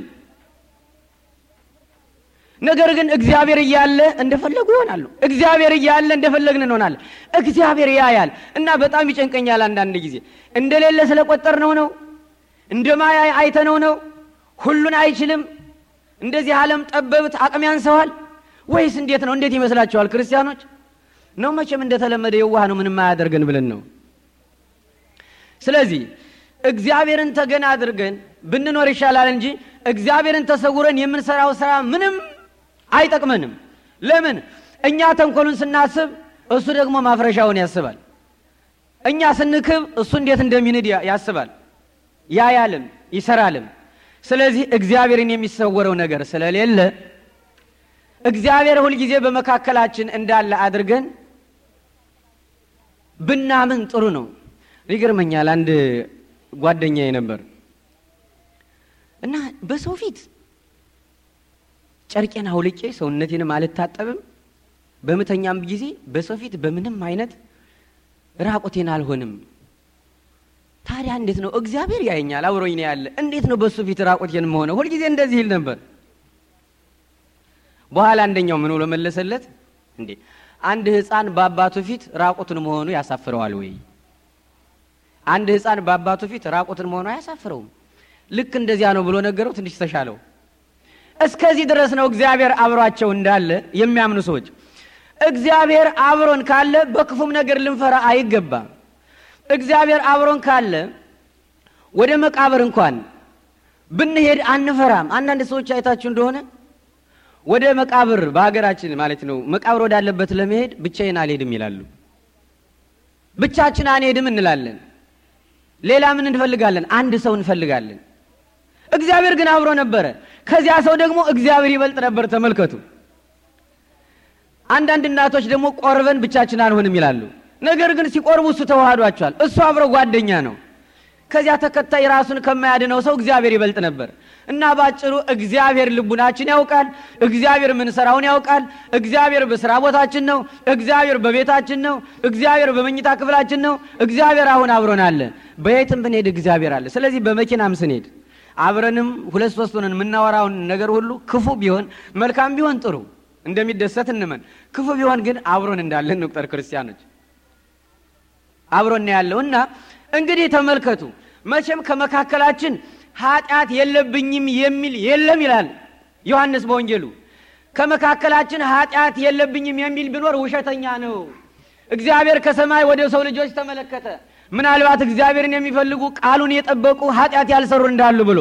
A: ነገር ግን እግዚአብሔር እያለ እንደፈለጉ ይሆናሉ። እግዚአብሔር እያለ እንደፈለግን እንሆናለን። እግዚአብሔር ያያል እና በጣም ይጨንቀኛል አንዳንድ ጊዜ እንደሌለ ስለቆጠር ነው። ነው አይተ ነው ነው። ሁሉን አይችልም። እንደዚህ ዓለም ጠበብት አቅም ያንሰዋል ወይስ እንዴት ነው? እንዴት ይመስላችኋል ክርስቲያኖች? ነው። መቼም እንደተለመደ የዋህ ነው፣ ምንም አያደርገን ብለን ነው። ስለዚህ እግዚአብሔርን ተገን አድርገን ብንኖር ይሻላል እንጂ እግዚአብሔርን ተሰውረን የምንሰራው ስራ ምንም አይጠቅመንም። ለምን? እኛ ተንኮሉን ስናስብ እሱ ደግሞ ማፍረሻውን ያስባል። እኛ ስንክብ እሱ እንዴት እንደሚንድ ያስባል። ያያልም ይሰራልም። ስለዚህ እግዚአብሔርን የሚሰወረው ነገር ስለሌለ እግዚአብሔር ሁልጊዜ በመካከላችን እንዳለ አድርገን ብናምን ጥሩ ነው። ይገርመኛል አንድ ጓደኛዬ ነበር እና በሰው ፊት ጨርቄን አውልቄ ሰውነቴንም አልታጠብም በምተኛም ጊዜ በሰው ፊት በምንም አይነት ራቁቴን አልሆንም። ታዲያ እንዴት ነው እግዚአብሔር ያየኛል፣ አብሮኝ ነው ያለ። እንዴት ነው በሱ ፊት ራቁቴን መሆነ ሁልጊዜ እንደዚህ ይል ነበር። በኋላ አንደኛው ምን ብሎ መለሰለት እንዴ አንድ ህፃን በአባቱ ፊት ራቁትን መሆኑ ያሳፍረዋል ወይ? አንድ ህፃን በአባቱ ፊት ራቁትን መሆኑ አያሳፍረውም። ልክ እንደዚያ ነው ብሎ ነገረው። ትንሽ ተሻለው። እስከዚህ ድረስ ነው እግዚአብሔር አብሯቸው እንዳለ የሚያምኑ ሰዎች። እግዚአብሔር አብሮን ካለ በክፉም ነገር ልንፈራ አይገባም። እግዚአብሔር አብሮን ካለ ወደ መቃብር እንኳን ብንሄድ አንፈራም። አንዳንድ ሰዎች አይታችሁ እንደሆነ ወደ መቃብር በሀገራችን ማለት ነው መቃብር ወዳለበት ለመሄድ ብቻዬን አልሄድም ይላሉ። ብቻችን አንሄድም እንላለን። ሌላ ምን እንፈልጋለን? አንድ ሰው እንፈልጋለን። እግዚአብሔር ግን አብሮ ነበረ። ከዚያ ሰው ደግሞ እግዚአብሔር ይበልጥ ነበር። ተመልከቱ። አንዳንድ እናቶች ደግሞ ቆርበን ብቻችን አንሆንም ይላሉ። ነገር ግን ሲቆርቡ እሱ ተዋህዷቸዋል። እሱ አብሮ ጓደኛ ነው። ከዚያ ተከታይ ራሱን ከማያድነው ሰው እግዚአብሔር ይበልጥ ነበር። እና ባጭሩ እግዚአብሔር ልቡናችን ያውቃል። እግዚአብሔር ምንሰራውን ያውቃል። እግዚአብሔር በስራ ቦታችን ነው። እግዚአብሔር በቤታችን ነው። እግዚአብሔር በመኝታ ክፍላችን ነው። እግዚአብሔር አሁን አብሮን አለ። በየትም ብንሄድ እግዚአብሔር አለ። ስለዚህ በመኪናም ስንሄድ አብረንም ሁለት ሶስት ሆነን የምናወራውን ነገር ሁሉ ክፉ ቢሆን መልካም ቢሆን ጥሩ እንደሚደሰት እንመን። ክፉ ቢሆን ግን አብሮን እንዳለን እንቁጠር። ክርስቲያኖች አብሮን ያለው እና እንግዲህ ተመልከቱ መቼም ከመካከላችን ኃጢአት የለብኝም የሚል የለም ይላል ዮሐንስ በወንጌሉ። ከመካከላችን ኃጢአት የለብኝም የሚል ቢኖር ውሸተኛ ነው። እግዚአብሔር ከሰማይ ወደ ሰው ልጆች ተመለከተ። ምናልባት እግዚአብሔርን የሚፈልጉ ቃሉን የጠበቁ ኃጢአት ያልሰሩ እንዳሉ ብሎ፣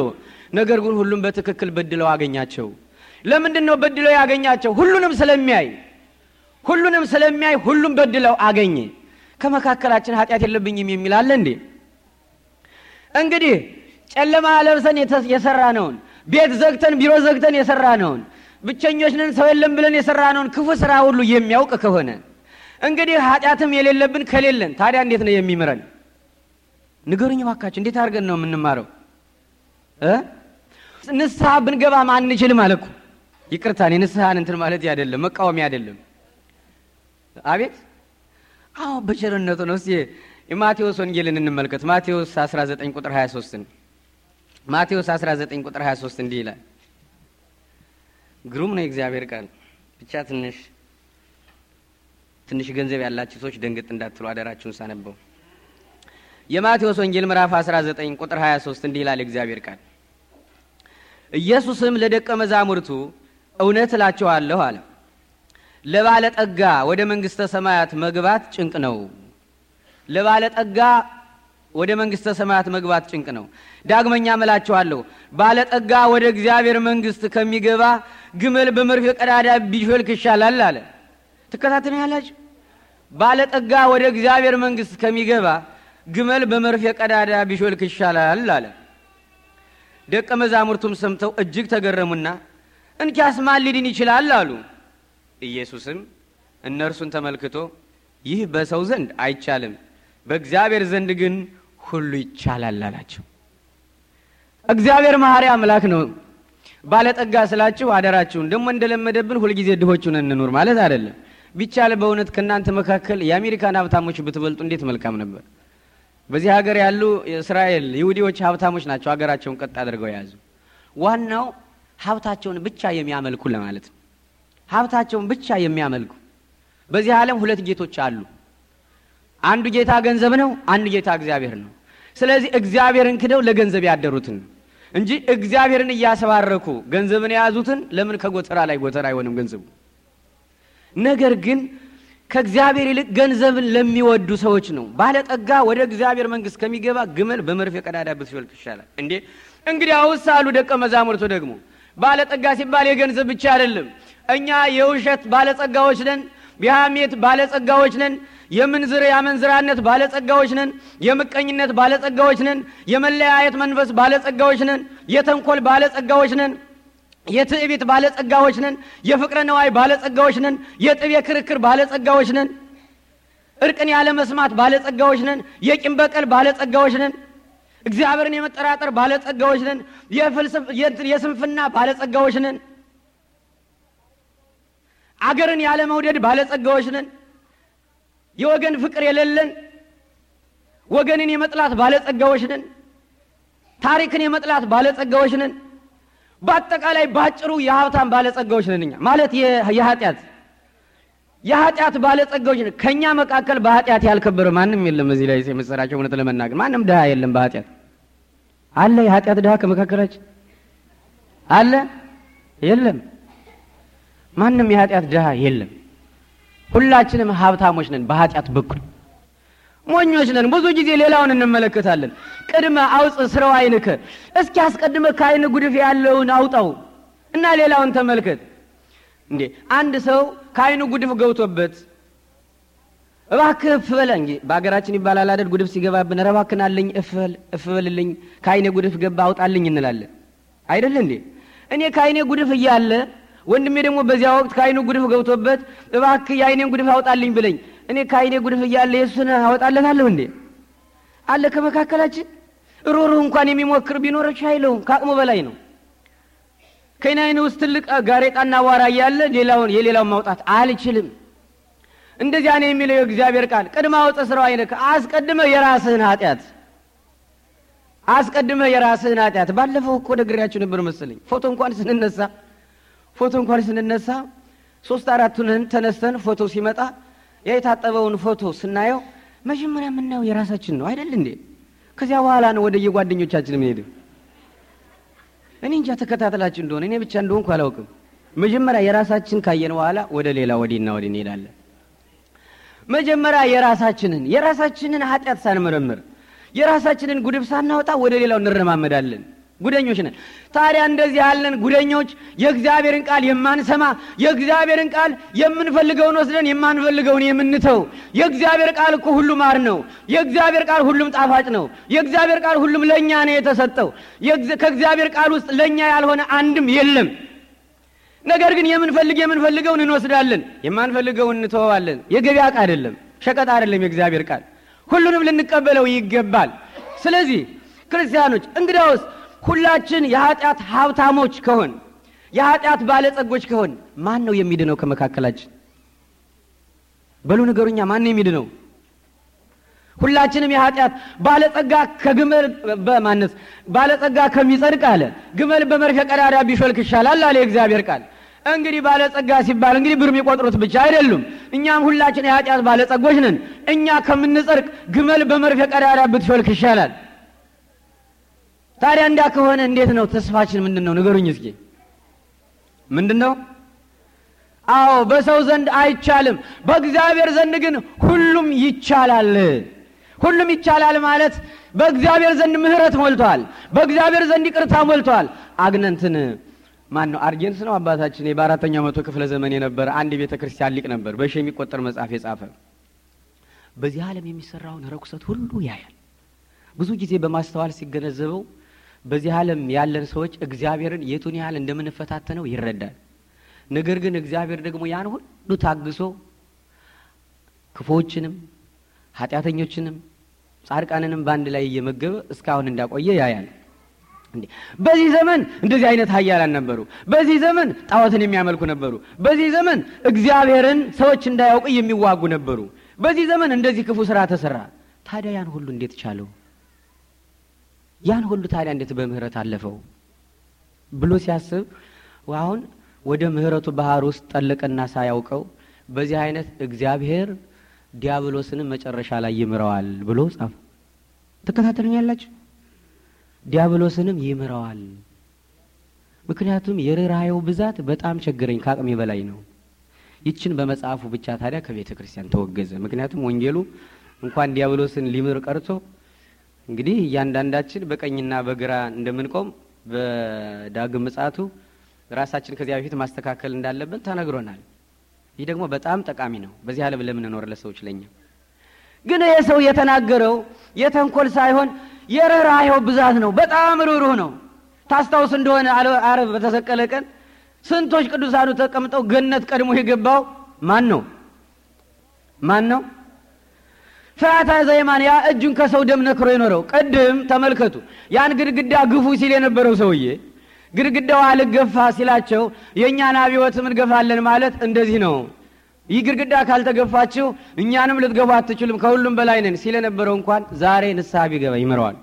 A: ነገር ግን ሁሉም በትክክል በድለው አገኛቸው። ለምንድን ነው በድለው ያገኛቸው? ሁሉንም ስለሚያይ ሁሉንም ስለሚያይ ሁሉም በድለው አገኘ። ከመካከላችን ኃጢአት የለብኝም የሚል አለ እንዴ? እንግዲህ ጨለማ ለብሰን ነውን ቤት ዘግተን ቢሮ ዘግተን የሰራ ብቸኞች ነን ሰው የለም ብለን ነውን ክፉ ስራ ሁሉ የሚያውቅ ከሆነ እንግዲህ ኃጢአትም የሌለብን ከሌለን ታዲያ እንዴት ነው የሚምረን? ንገሩኝ ባካችሁ። እንዴት አድርገን ነው የምንማረው? ንስሐ ብንገባም አንችልም አለ ይቅርታን ይቅርታ ንስሐን እንትን ማለት አይደለም መቃወሚያ አይደለም። አቤት አዎ፣ በቸርነቱ ነው። እስኪ የማቴዎስ ወንጌልን እንመልከት። ማቴዎስ 19 ቁጥር 23ን ማቴዎስ 19 ቁጥር 23 እንዲህ ይላል። ግሩም ነው የእግዚአብሔር ቃል። ብቻ ትንሽ ትንሽ ገንዘብ ያላችሁ ሰዎች ደንግጥ እንዳትሉ አደራችሁን ሳነበው። የማቴዎስ ወንጌል ምዕራፍ 19 ቁጥር 23 እንዲህ ይላል የእግዚአብሔር ቃል። ኢየሱስም ለደቀ መዛሙርቱ እውነት እላችኋለሁ አለ፣ ለባለጠጋ ወደ መንግሥተ ሰማያት መግባት ጭንቅ ነው። ለባለጠጋ ወደ መንግሥተ ሰማያት መግባት ጭንቅ ነው። ዳግመኛ መላችኋለሁ ባለጠጋ ወደ እግዚአብሔር መንግሥት ከሚገባ ግመል በመርፌ ቀዳዳ ቢሾልክ ይሻላል አለ። ትከታተሉ ያላችሁ ባለጠጋ ወደ እግዚአብሔር መንግሥት ከሚገባ ግመል በመርፌ ቀዳዳ ቢሾልክ ይሻላል አለ። ደቀ መዛሙርቱም ሰምተው እጅግ ተገረሙና እንኪያስ ማን ሊድን ይችላል አሉ። ኢየሱስም እነርሱን ተመልክቶ ይህ በሰው ዘንድ አይቻልም፣ በእግዚአብሔር ዘንድ ግን ሁሉ ይቻላል አላቸው። እግዚአብሔር መሐሪ አምላክ ነው። ባለጠጋ ስላችሁ አደራችሁን። ደግሞ እንደለመደብን ሁልጊዜ ድሆቹን እንኑር ማለት አይደለም። ቢቻል በእውነት ከእናንተ መካከል የአሜሪካን ሀብታሞች ብትበልጡ እንዴት መልካም ነበር። በዚህ ሀገር ያሉ እስራኤል ይሁዲዎች ሀብታሞች ናቸው። ሀገራቸውን ቀጥ አድርገው የያዙ ዋናው ሀብታቸውን ብቻ የሚያመልኩ ለማለት ነው። ሀብታቸውን ብቻ የሚያመልኩ በዚህ ዓለም ሁለት ጌቶች አሉ። አንዱ ጌታ ገንዘብ ነው፣ አንዱ ጌታ እግዚአብሔር ነው። ስለዚህ እግዚአብሔርን ክደው ለገንዘብ ያደሩትን እንጂ እግዚአብሔርን እያሰባረኩ ገንዘብን የያዙትን ለምን ከጎተራ ላይ ጎተራ አይሆንም ገንዘቡ። ነገር ግን ከእግዚአብሔር ይልቅ ገንዘብን ለሚወዱ ሰዎች ነው። ባለጠጋ ወደ እግዚአብሔር መንግስት ከሚገባ ግመል በመርፌ ቀዳዳ ብትሾልክ ይሻላል እንዴ። እንግዲህ አውስ አሉ ደቀ መዛሙርቱ ደግሞ ባለጠጋ ሲባል የገንዘብ ብቻ አይደለም። እኛ የውሸት ባለጸጋዎች ነን፣ የሐሜት ባለጸጋዎች ነን የምንዝር ያመንዝራነት ባለጸጋዎች ነን። የምቀኝነት ባለጸጋዎች ነን። የመለያየት መንፈስ ባለጸጋዎች ነን። የተንኮል ባለጸጋዎች ነን። የትዕቢት ባለጸጋዎች ነን። የፍቅረ ነዋይ ባለጸጋዎች ነን። የጥቤ ክርክር ባለጸጋዎች ነን። እርቅን ያለመስማት ባለጸጋዎች ነን። የቂም በቀል ባለጸጋዎች ነን። እግዚአብሔርን የመጠራጠር ባለጸጋዎች ነን። የስንፍና ባለጸጋዎች ነን። አገርን መውደድ ባለጸጋዎች ነን። የወገን ፍቅር የሌለን ወገንን የመጥላት ባለጸጋዎች ነን። ታሪክን የመጥላት ባለጸጋዎች ነን። በአጠቃላይ በአጭሩ የሀብታም ባለጸጋዎች ነን። እኛ ማለት የኃጢአት የኃጢአት ባለጸጋዎች ነን። ከእኛ መካከል በኃጢአት ያልከበረ ማንም የለም። እዚህ ላይ የምሰራቸው እውነት ለመናገር ማንም ድሃ የለም። በኃጢአት አለ የኃጢአት ድሃ ከመካከላችን አለ የለም። ማንም የኃጢአት ድሃ የለም። ሁላችንም ሀብታሞች ነን በኃጢአት በኩል ሞኞች ነን። ብዙ ጊዜ ሌላውን እንመለከታለን። ቅድመ አውፅ ስረው አይንከ፣ እስኪ አስቀድመ ከአይን ጉድፍ ያለውን አውጣው እና ሌላውን ተመልከት። እንዴ አንድ ሰው ከአይኑ ጉድፍ ገብቶበት እባክህ እፍበል እንጂ በሀገራችን ይባላል አይደል? ጉድፍ ሲገባብን ኧረ እፍበል እፍበልልኝ ከአይኔ ጉድፍ ገባ አውጣልኝ እንላለን አይደል እንዴ? እኔ ከአይኔ ጉድፍ እያለ ወንድሜ ደግሞ በዚያ ወቅት ከአይኑ ጉድፍ ገብቶበት እባክ የአይኔን ጉድፍ አውጣልኝ ብለኝ፣ እኔ ከአይኔ ጉድፍ እያለ የእሱን አወጣለታለሁ እንዴ? አለ ከመካከላችን ሮሮህ እንኳን የሚሞክር ቢኖረች አይለውም። ከአቅሙ በላይ ነው። ከኔ አይን ውስጥ ትልቅ ጋሬጣና ዋራ እያለ ሌላውን የሌላውን ማውጣት አልችልም። እንደዚያ ነው የሚለው የእግዚአብሔር ቃል። ቅድመ አውጠ ስራው ዓይንከ፣ አስቀድመ የራስህን ኃጢአት አስቀድመ የራስህን ኃጢአት። ባለፈው እኮ ነግሬያችሁ ነበር መሰለኝ ፎቶ እንኳን ስንነሳ ፎቶ እንኳን ስንነሳ ሶስት አራቱንን ተነስተን ፎቶ ሲመጣ ያ የታጠበውን ፎቶ ስናየው መጀመሪያ የምናየው የራሳችን ነው አይደል እንዴ? ከዚያ በኋላ ነው ወደ የጓደኞቻችን የምንሄደው። እኔ እንጃ ተከታተላችሁ እንደሆነ እኔ ብቻ እንደሆንኩ አላውቅም። መጀመሪያ የራሳችን ካየን በኋላ ወደ ሌላ ወዲና ወዲ እንሄዳለን። መጀመሪያ የራሳችንን የራሳችንን ኃጢአት ሳንመረምር የራሳችንን ጉድብ ሳናወጣ ወደ ሌላው እንረማመዳለን። ጉደኞች ነን። ታዲያ እንደዚህ ያለን ጉደኞች የእግዚአብሔርን ቃል የማንሰማ የእግዚአብሔርን ቃል የምንፈልገውን ወስደን የማንፈልገውን የምንተው። የእግዚአብሔር ቃል እኮ ሁሉ ማር ነው። የእግዚአብሔር ቃል ሁሉም ጣፋጭ ነው። የእግዚአብሔር ቃል ሁሉም ለእኛ ነው የተሰጠው። ከእግዚአብሔር ቃል ውስጥ ለእኛ ያልሆነ አንድም የለም። ነገር ግን የምንፈልግ የምንፈልገውን እንወስዳለን፣ የማንፈልገውን እንተወዋለን። የገበያ ዕቃ አይደለም፣ ሸቀጥ አይደለም። የእግዚአብሔር ቃል ሁሉንም ልንቀበለው ይገባል። ስለዚህ ክርስቲያኖች እንግዳውስ ሁላችን የኃጢአት ሀብታሞች ከሆን የኃጢአት ባለጸጎች ከሆን ማን ነው የሚድነው ከመካከላችን? በሉ ነገሩኛ ማን ነው የሚድነው? ሁላችንም የኃጢአት ባለጸጋ ከግመል በማነስ ባለጸጋ ከሚጸድቅ አለ ግመል በመርፌ ቀዳዳ ቢሾልክ ይሻላል አለ የእግዚአብሔር ቃል። እንግዲህ ባለጸጋ ሲባል እንግዲህ ብር የሚቆጥሩት ብቻ አይደሉም። እኛም ሁላችን የኃጢአት ባለጸጎች ነን። እኛ ከምንጸድቅ ግመል በመርፌ ቀዳዳ ብትሾልክ ይሻላል። ታዲያ እንዳ ከሆነ እንዴት ነው ተስፋችን? ምንድን ነው ንገሩኝ እስኪ። ምንድን ነው? አዎ በሰው ዘንድ አይቻልም፣ በእግዚአብሔር ዘንድ ግን ሁሉም ይቻላል። ሁሉም ይቻላል ማለት በእግዚአብሔር ዘንድ ምህረት ሞልቷል፣ በእግዚአብሔር ዘንድ ይቅርታ ሞልቷል። አግነንትን ማን ነው አርጀንስ ነው አባታችን በአራተኛው መቶ ክፍለ ዘመን የነበረ አንድ ቤተ ክርስቲያን ሊቅ ነበር። በሺ የሚቆጠር መጽሐፍ የጻፈ በዚህ ዓለም የሚሰራውን ረኩሰት ሁሉ ያያል። ብዙ ጊዜ በማስተዋል ሲገነዘበው በዚህ ዓለም ያለን ሰዎች እግዚአብሔርን የቱን ያህል እንደምንፈታተነው ይረዳል። ነገር ግን እግዚአብሔር ደግሞ ያን ሁሉ ታግሶ ክፉዎችንም ኃጢአተኞችንም ጻድቃንንም በአንድ ላይ እየመገበ እስካሁን እንዳቆየ ያያል። በዚህ ዘመን እንደዚህ አይነት ኃያላን ነበሩ። በዚህ ዘመን ጣዖትን የሚያመልኩ ነበሩ። በዚህ ዘመን እግዚአብሔርን ሰዎች እንዳያውቅ የሚዋጉ ነበሩ። በዚህ ዘመን እንደዚህ ክፉ ስራ ተሰራ። ታዲያ ያን ሁሉ እንዴት ቻለው? ያን ሁሉ ታዲያ እንዴት በምህረት አለፈው ብሎ ሲያስብ አሁን ወደ ምህረቱ ባህር ውስጥ ጠለቀና ሳያውቀው በዚህ አይነት እግዚአብሔር ዲያብሎስንም መጨረሻ ላይ ይምረዋል ብሎ ጻፈ። ትከታተሉኛላችሁ? ዲያብሎስንም ይምረዋል። ምክንያቱም የርኅራኄው ብዛት በጣም ቸግረኝ ከአቅሜ በላይ ነው። ይችን በመጽሐፉ ብቻ ታዲያ ከቤተ ክርስቲያን ተወገዘ። ምክንያቱም ወንጌሉ እንኳን ዲያብሎስን ሊምር ቀርቶ እንግዲህ እያንዳንዳችን በቀኝና በግራ እንደምንቆም በዳግም ምጽአቱ ራሳችን ከዚያ በፊት ማስተካከል እንዳለብን ተነግሮናል። ይህ ደግሞ በጣም ጠቃሚ ነው። በዚህ ዓለም ለምንኖር ለሰዎች ለኛ ግን ይህ ሰው የተናገረው የተንኮል ሳይሆን የርኅራኄው ብዛት ነው። በጣም ርኅሩህ ነው። ታስታውስ እንደሆነ ዓርብ በተሰቀለ ቀን ስንቶች ቅዱሳኑ ተቀምጠው ገነት ቀድሞ የገባው ማን ነው? ማን ነው? ፈያታ ዘይማን ያ እጁን ከሰው ደም ነክሮ የኖረው ቅድም ተመልከቱ፣ ያን ግድግዳ ግፉ ሲል የነበረው ሰውዬ ግድግዳው አልገፋ ሲላቸው የእኛን አብዮትም እንገፋለን ማለት እንደዚህ ነው። ይህ ግድግዳ ካልተገፋችሁ እኛንም ልትገፉ አትችሉም፣ ከሁሉም በላይ ነን ሲል የነበረው እንኳን ዛሬ ንስሐ ቢገባ ይምረዋል።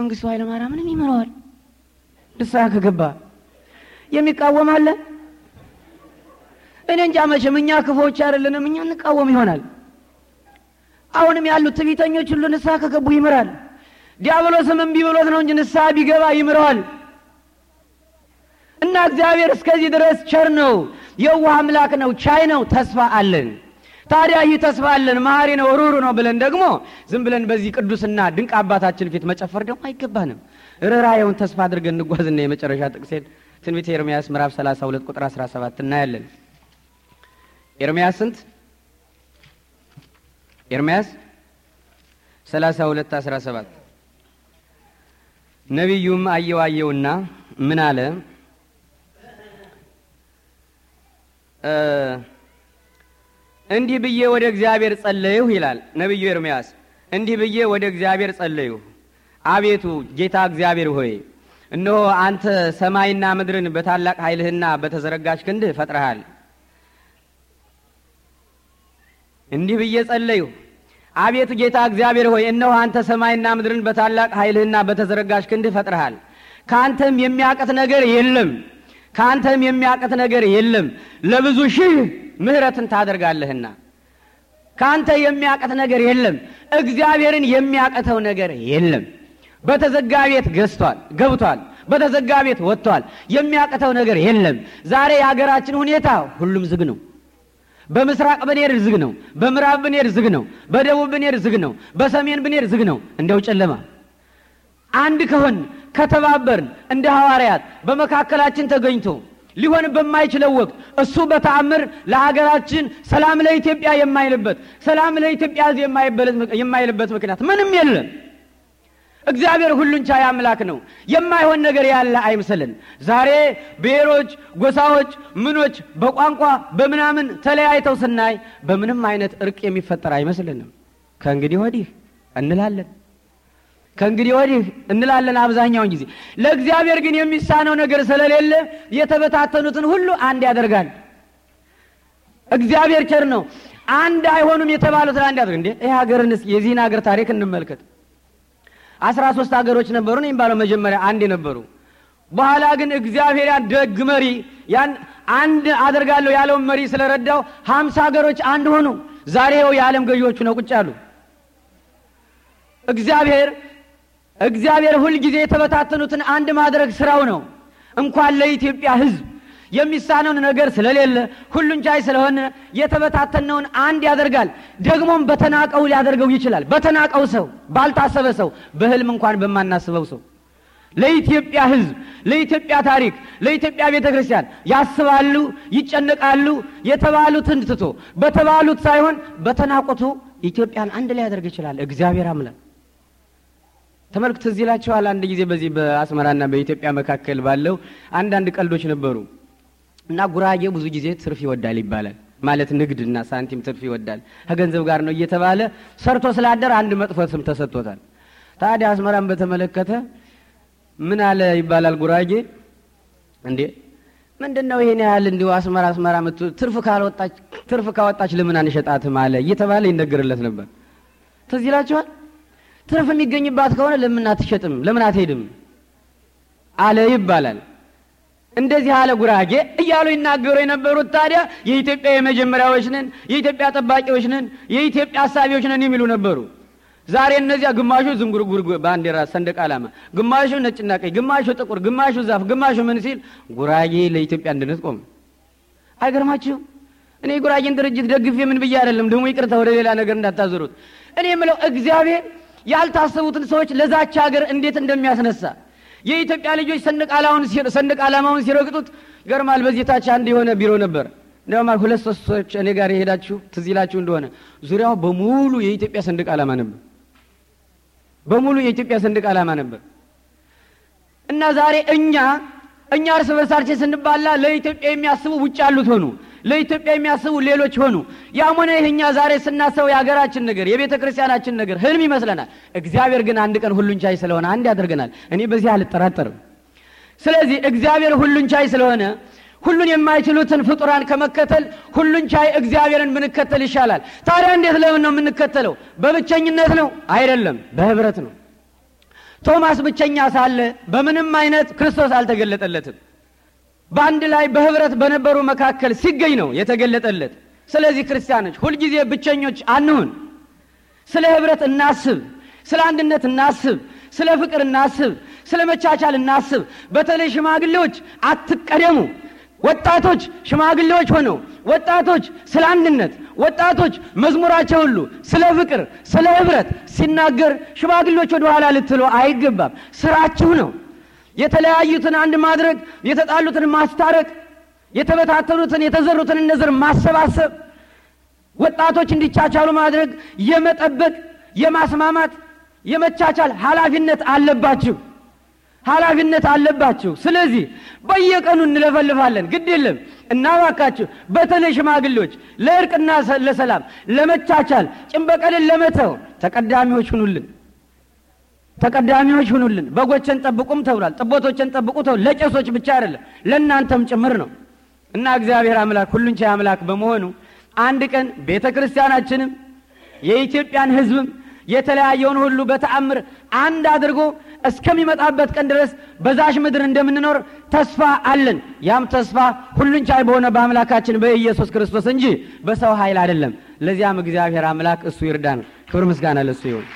A: መንግስቱ ኃይለ ኃይለማርያምንም ይምረዋል። ንስሐ ከገባ የሚቃወም አለ? እኔ እንጃ መቼም እኛ ክፎች አይደለንም። እኛ እንቃወም ይሆናል አሁንም ያሉት ትቢተኞች ሁሉ ንስሐ ከገቡ ይምራል። ዲያብሎስም እምቢ ብሎት ነው እንጂ ንስሐ ቢገባ ይምረዋል። እና እግዚአብሔር እስከዚህ ድረስ ቸር ነው፣ የዋህ አምላክ ነው፣ ቻይ ነው፣ ተስፋ አለን። ታዲያ ይህ ተስፋ አለን መሐሪ ነው ሩሩ ነው ብለን ደግሞ ዝም ብለን በዚህ ቅዱስና ድንቅ አባታችን ፊት መጨፈር ደግሞ አይገባንም። ርኅራኄውን ተስፋ አድርገን እንጓዝና የመጨረሻ ጥቅሴን ትንቢት ኤርምያስ ምዕራፍ 32 ቁጥር 17 እናያለን። ኤርምያስ ስንት ኤርምያስ 32 17 ነቢዩም አየው አየውና ምን አለ እንዲህ ብዬ ወደ እግዚአብሔር ጸለይሁ ይላል ነቢዩ ኤርምያስ እንዲህ ብዬ ወደ እግዚአብሔር ጸለይሁ አቤቱ ጌታ እግዚአብሔር ሆይ እነሆ አንተ ሰማይና ምድርን በታላቅ ኃይልህና በተዘረጋች ክንድህ ፈጥረሃል እንዲህ ብዬ ጸለይሁ አቤቱ ጌታ እግዚአብሔር ሆይ እነሆ አንተ ሰማይና ምድርን በታላቅ ኃይልህና በተዘረጋሽ ክንድ ፈጥረሃል። ከአንተም የሚያቀት ነገር የለም። ከአንተም የሚያቀት ነገር የለም። ለብዙ ሺህ ምህረትን ታደርጋለህና ከአንተ የሚያቀት ነገር የለም። እግዚአብሔርን የሚያቀተው ነገር የለም። በተዘጋ ቤት ገዝቷል ገብቷል። በተዘጋ ቤት ወጥቷል። የሚያቀተው ነገር የለም። ዛሬ የሀገራችን ሁኔታ ሁሉም ዝግ ነው። በምስራቅ ብንሄድ ዝግ ነው። በምዕራብ ብንሄድ ዝግ ነው። በደቡብ ብንሄድ ዝግ ነው። በሰሜን ብንሄድ ዝግ ነው። እንደው ጨለማ። አንድ ከሆን ከተባበርን እንደ ሐዋርያት በመካከላችን ተገኝቶ ሊሆን በማይችለው ወቅት እሱ በተአምር ለሀገራችን ሰላም ለኢትዮጵያ የማይልበት ሰላም ለኢትዮጵያ የማይልበት ምክንያት ምንም የለም። እግዚአብሔር ሁሉን ቻይ አምላክ ነው። የማይሆን ነገር ያለ አይምስልን። ዛሬ ብሔሮች፣ ጎሳዎች፣ ምኖች በቋንቋ በምናምን ተለያይተው ስናይ በምንም አይነት እርቅ የሚፈጠር አይመስልንም። ከእንግዲህ ወዲህ እንላለን ከእንግዲህ ወዲህ እንላለን አብዛኛውን ጊዜ። ለእግዚአብሔር ግን የሚሳነው ነገር ስለሌለ የተበታተኑትን ሁሉ አንድ ያደርጋል። እግዚአብሔር ቸር ነው። አንድ አይሆኑም የተባሉትን አንድ ያደርግ እንዴ! ይህ ሀገርን የዚህን ሀገር ታሪክ እንመልከት። አስራ ሶስት ሀገሮች ነበሩ ነው የሚባለው። መጀመሪያ አንድ የነበሩ በኋላ ግን እግዚአብሔር ያን ደግ መሪ ያን አንድ አደርጋለሁ ያለውን መሪ ስለረዳው ሀምሳ ሀገሮች አንድ ሆኑ። ዛሬው የዓለም ገዢዎቹ ነው ቁጭ አሉ። እግዚአብሔር እግዚአብሔር ሁልጊዜ የተበታተኑትን አንድ ማድረግ ስራው ነው። እንኳን ለኢትዮጵያ ህዝብ የሚሳነውን ነገር ስለሌለ ሁሉን ቻይ ስለሆነ የተበታተነውን አንድ ያደርጋል። ደግሞም በተናቀው ሊያደርገው ይችላል። በተናቀው ሰው፣ ባልታሰበ ሰው፣ በህልም እንኳን በማናስበው ሰው ለኢትዮጵያ ህዝብ ለኢትዮጵያ ታሪክ፣ ለኢትዮጵያ ቤተ ክርስቲያን ያስባሉ፣ ይጨነቃሉ። የተባሉትን ትቶ በተባሉት ሳይሆን በተናቆቱ ኢትዮጵያን አንድ ላይ ያደርግ ይችላል እግዚአብሔር አምላክ። ተመልክት እዚህ ላችኋል። አንድ ጊዜ በዚህ በአስመራና በኢትዮጵያ መካከል ባለው አንዳንድ ቀልዶች ነበሩ። እና ጉራጌ ብዙ ጊዜ ትርፍ ይወዳል ይባላል። ማለት ንግድ ሳንቲም ትርፍ ይወዳል ከገንዘብ ጋር ነው እየተባለ ሰርቶ ስላደር አንድ መጥፎ ስም ተሰጥቶታል። ታዲያ አስመራን በተመለከተ ምን አለ ይባላል ጉራጌ እንዴ ምንድን ነው ይሄን ያህል እንዲሁ አስመራ አስመራ ምት ትርፍ ካልወጣች ትርፍ ካወጣች ለምን አንሸጣትም አለ እየተባለ ይነገርለት ነበር። ትዝ ይላችኋል። ትርፍ የሚገኝባት ከሆነ ለምን አትሸጥም ለምን አትሄድም አለ ይባላል። እንደዚህ አለ ጉራጌ እያሉ ይናገሩ የነበሩት ታዲያ የኢትዮጵያ የመጀመሪያዎች ነን፣ የኢትዮጵያ ጠባቂዎች ነን፣ የኢትዮጵያ አሳቢዎች ነን የሚሉ ነበሩ። ዛሬ እነዚያ ግማሹ ዝንጉርጉር ባንዲራ፣ ሰንደቅ ዓላማ፣ ግማሹ ነጭና ቀይ፣ ግማሹ ጥቁር፣ ግማሹ ዛፍ፣ ግማሹ ምን ሲል ጉራጌ ለኢትዮጵያ አንድነት ቆመ። አይገርማችሁ? እኔ ጉራጌን ድርጅት ደግፌ ምን ብዬ አይደለም። ደግሞ ይቅርታ ወደ ሌላ ነገር እንዳታዞሩት። እኔ የምለው እግዚአብሔር ያልታሰቡትን ሰዎች ለዛች ሀገር እንዴት እንደሚያስነሳ የኢትዮጵያ ልጆች ሰንደቅ ዓላማውን ሲረግጡት ይገርማል። በዚህ ታች አንድ የሆነ ቢሮ ነበር። እንዲያውም ሁለት ሶስት ሰዎች እኔ ጋር የሄዳችሁ ትዝ ይላችሁ እንደሆነ ዙሪያው በሙሉ የኢትዮጵያ ሰንደቅ ዓላማ ነበር። በሙሉ የኢትዮጵያ ሰንደቅ ዓላማ ነበር እና ዛሬ እኛ እኛ እርስ በርሳችን ስንባላ ለኢትዮጵያ የሚያስቡ ውጭ ያሉት ሆኑ። ለኢትዮጵያ የሚያስቡ ሌሎች ሆኑ። ያም ሆነ ዛሬ ስናሰው የሀገራችን ነገር የቤተ ክርስቲያናችን ነገር ህልም ይመስለናል። እግዚአብሔር ግን አንድ ቀን ሁሉን ቻይ ስለሆነ አንድ ያደርገናል። እኔ በዚህ አልጠራጠርም። ስለዚህ እግዚአብሔር ሁሉን ቻይ ስለሆነ ሁሉን የማይችሉትን ፍጡራን ከመከተል ሁሉን ቻይ እግዚአብሔርን ብንከተል ይሻላል። ታዲያ እንዴት ለምን ነው የምንከተለው? በብቸኝነት ነው? አይደለም፣ በህብረት ነው። ቶማስ ብቸኛ ሳለ በምንም አይነት ክርስቶስ አልተገለጠለትም። በአንድ ላይ በህብረት በነበሩ መካከል ሲገኝ ነው የተገለጠለት። ስለዚህ ክርስቲያኖች ሁልጊዜ ብቸኞች አንሁን። ስለ ህብረት እናስብ፣ ስለ አንድነት እናስብ፣ ስለ ፍቅር እናስብ፣ ስለ መቻቻል እናስብ። በተለይ ሽማግሌዎች አትቀደሙ። ወጣቶች ሽማግሌዎች ሆነው ወጣቶች ስለ አንድነት ወጣቶች መዝሙራቸው ሁሉ ስለ ፍቅር፣ ስለ ህብረት ሲናገር ሽማግሌዎች ወደ ኋላ ልትሉ አይገባም። ስራችሁ ነው። የተለያዩትን አንድ ማድረግ፣ የተጣሉትን ማስታረቅ፣ የተበታተኑትን የተዘሩትን እነዘር ማሰባሰብ፣ ወጣቶች እንዲቻቻሉ ማድረግ፣ የመጠበቅ የማስማማት የመቻቻል ኃላፊነት አለባችሁ ኃላፊነት አለባችሁ። ስለዚህ በየቀኑ እንለፈልፋለን፣ ግድ የለም እናባካችሁ። በተለይ ሽማግሌዎች ለእርቅና ለሰላም ለመቻቻል ጭንበቀልን ለመተው ተቀዳሚዎች ሁኑልን። ተቀዳሚዎች ሁኑልን፣ በጎችን ጠብቁም ተብሏል። ጥቦቶችን ጠብቁ ተብሏል። ለቄሶች ብቻ አይደለም ለእናንተም ጭምር ነው እና እግዚአብሔር አምላክ ሁሉን ቻይ አምላክ በመሆኑ አንድ ቀን ቤተ ክርስቲያናችንም የኢትዮጵያን ህዝብም የተለያየውን ሁሉ በተአምር አንድ አድርጎ እስከሚመጣበት ቀን ድረስ በዛሽ ምድር እንደምንኖር ተስፋ አለን። ያም ተስፋ ሁሉን ቻይ በሆነ በአምላካችን በኢየሱስ ክርስቶስ እንጂ በሰው ኃይል አይደለም። ለዚያም እግዚአብሔር አምላክ እሱ ይርዳን። ክብር ምስጋና ለእሱ ይሁን።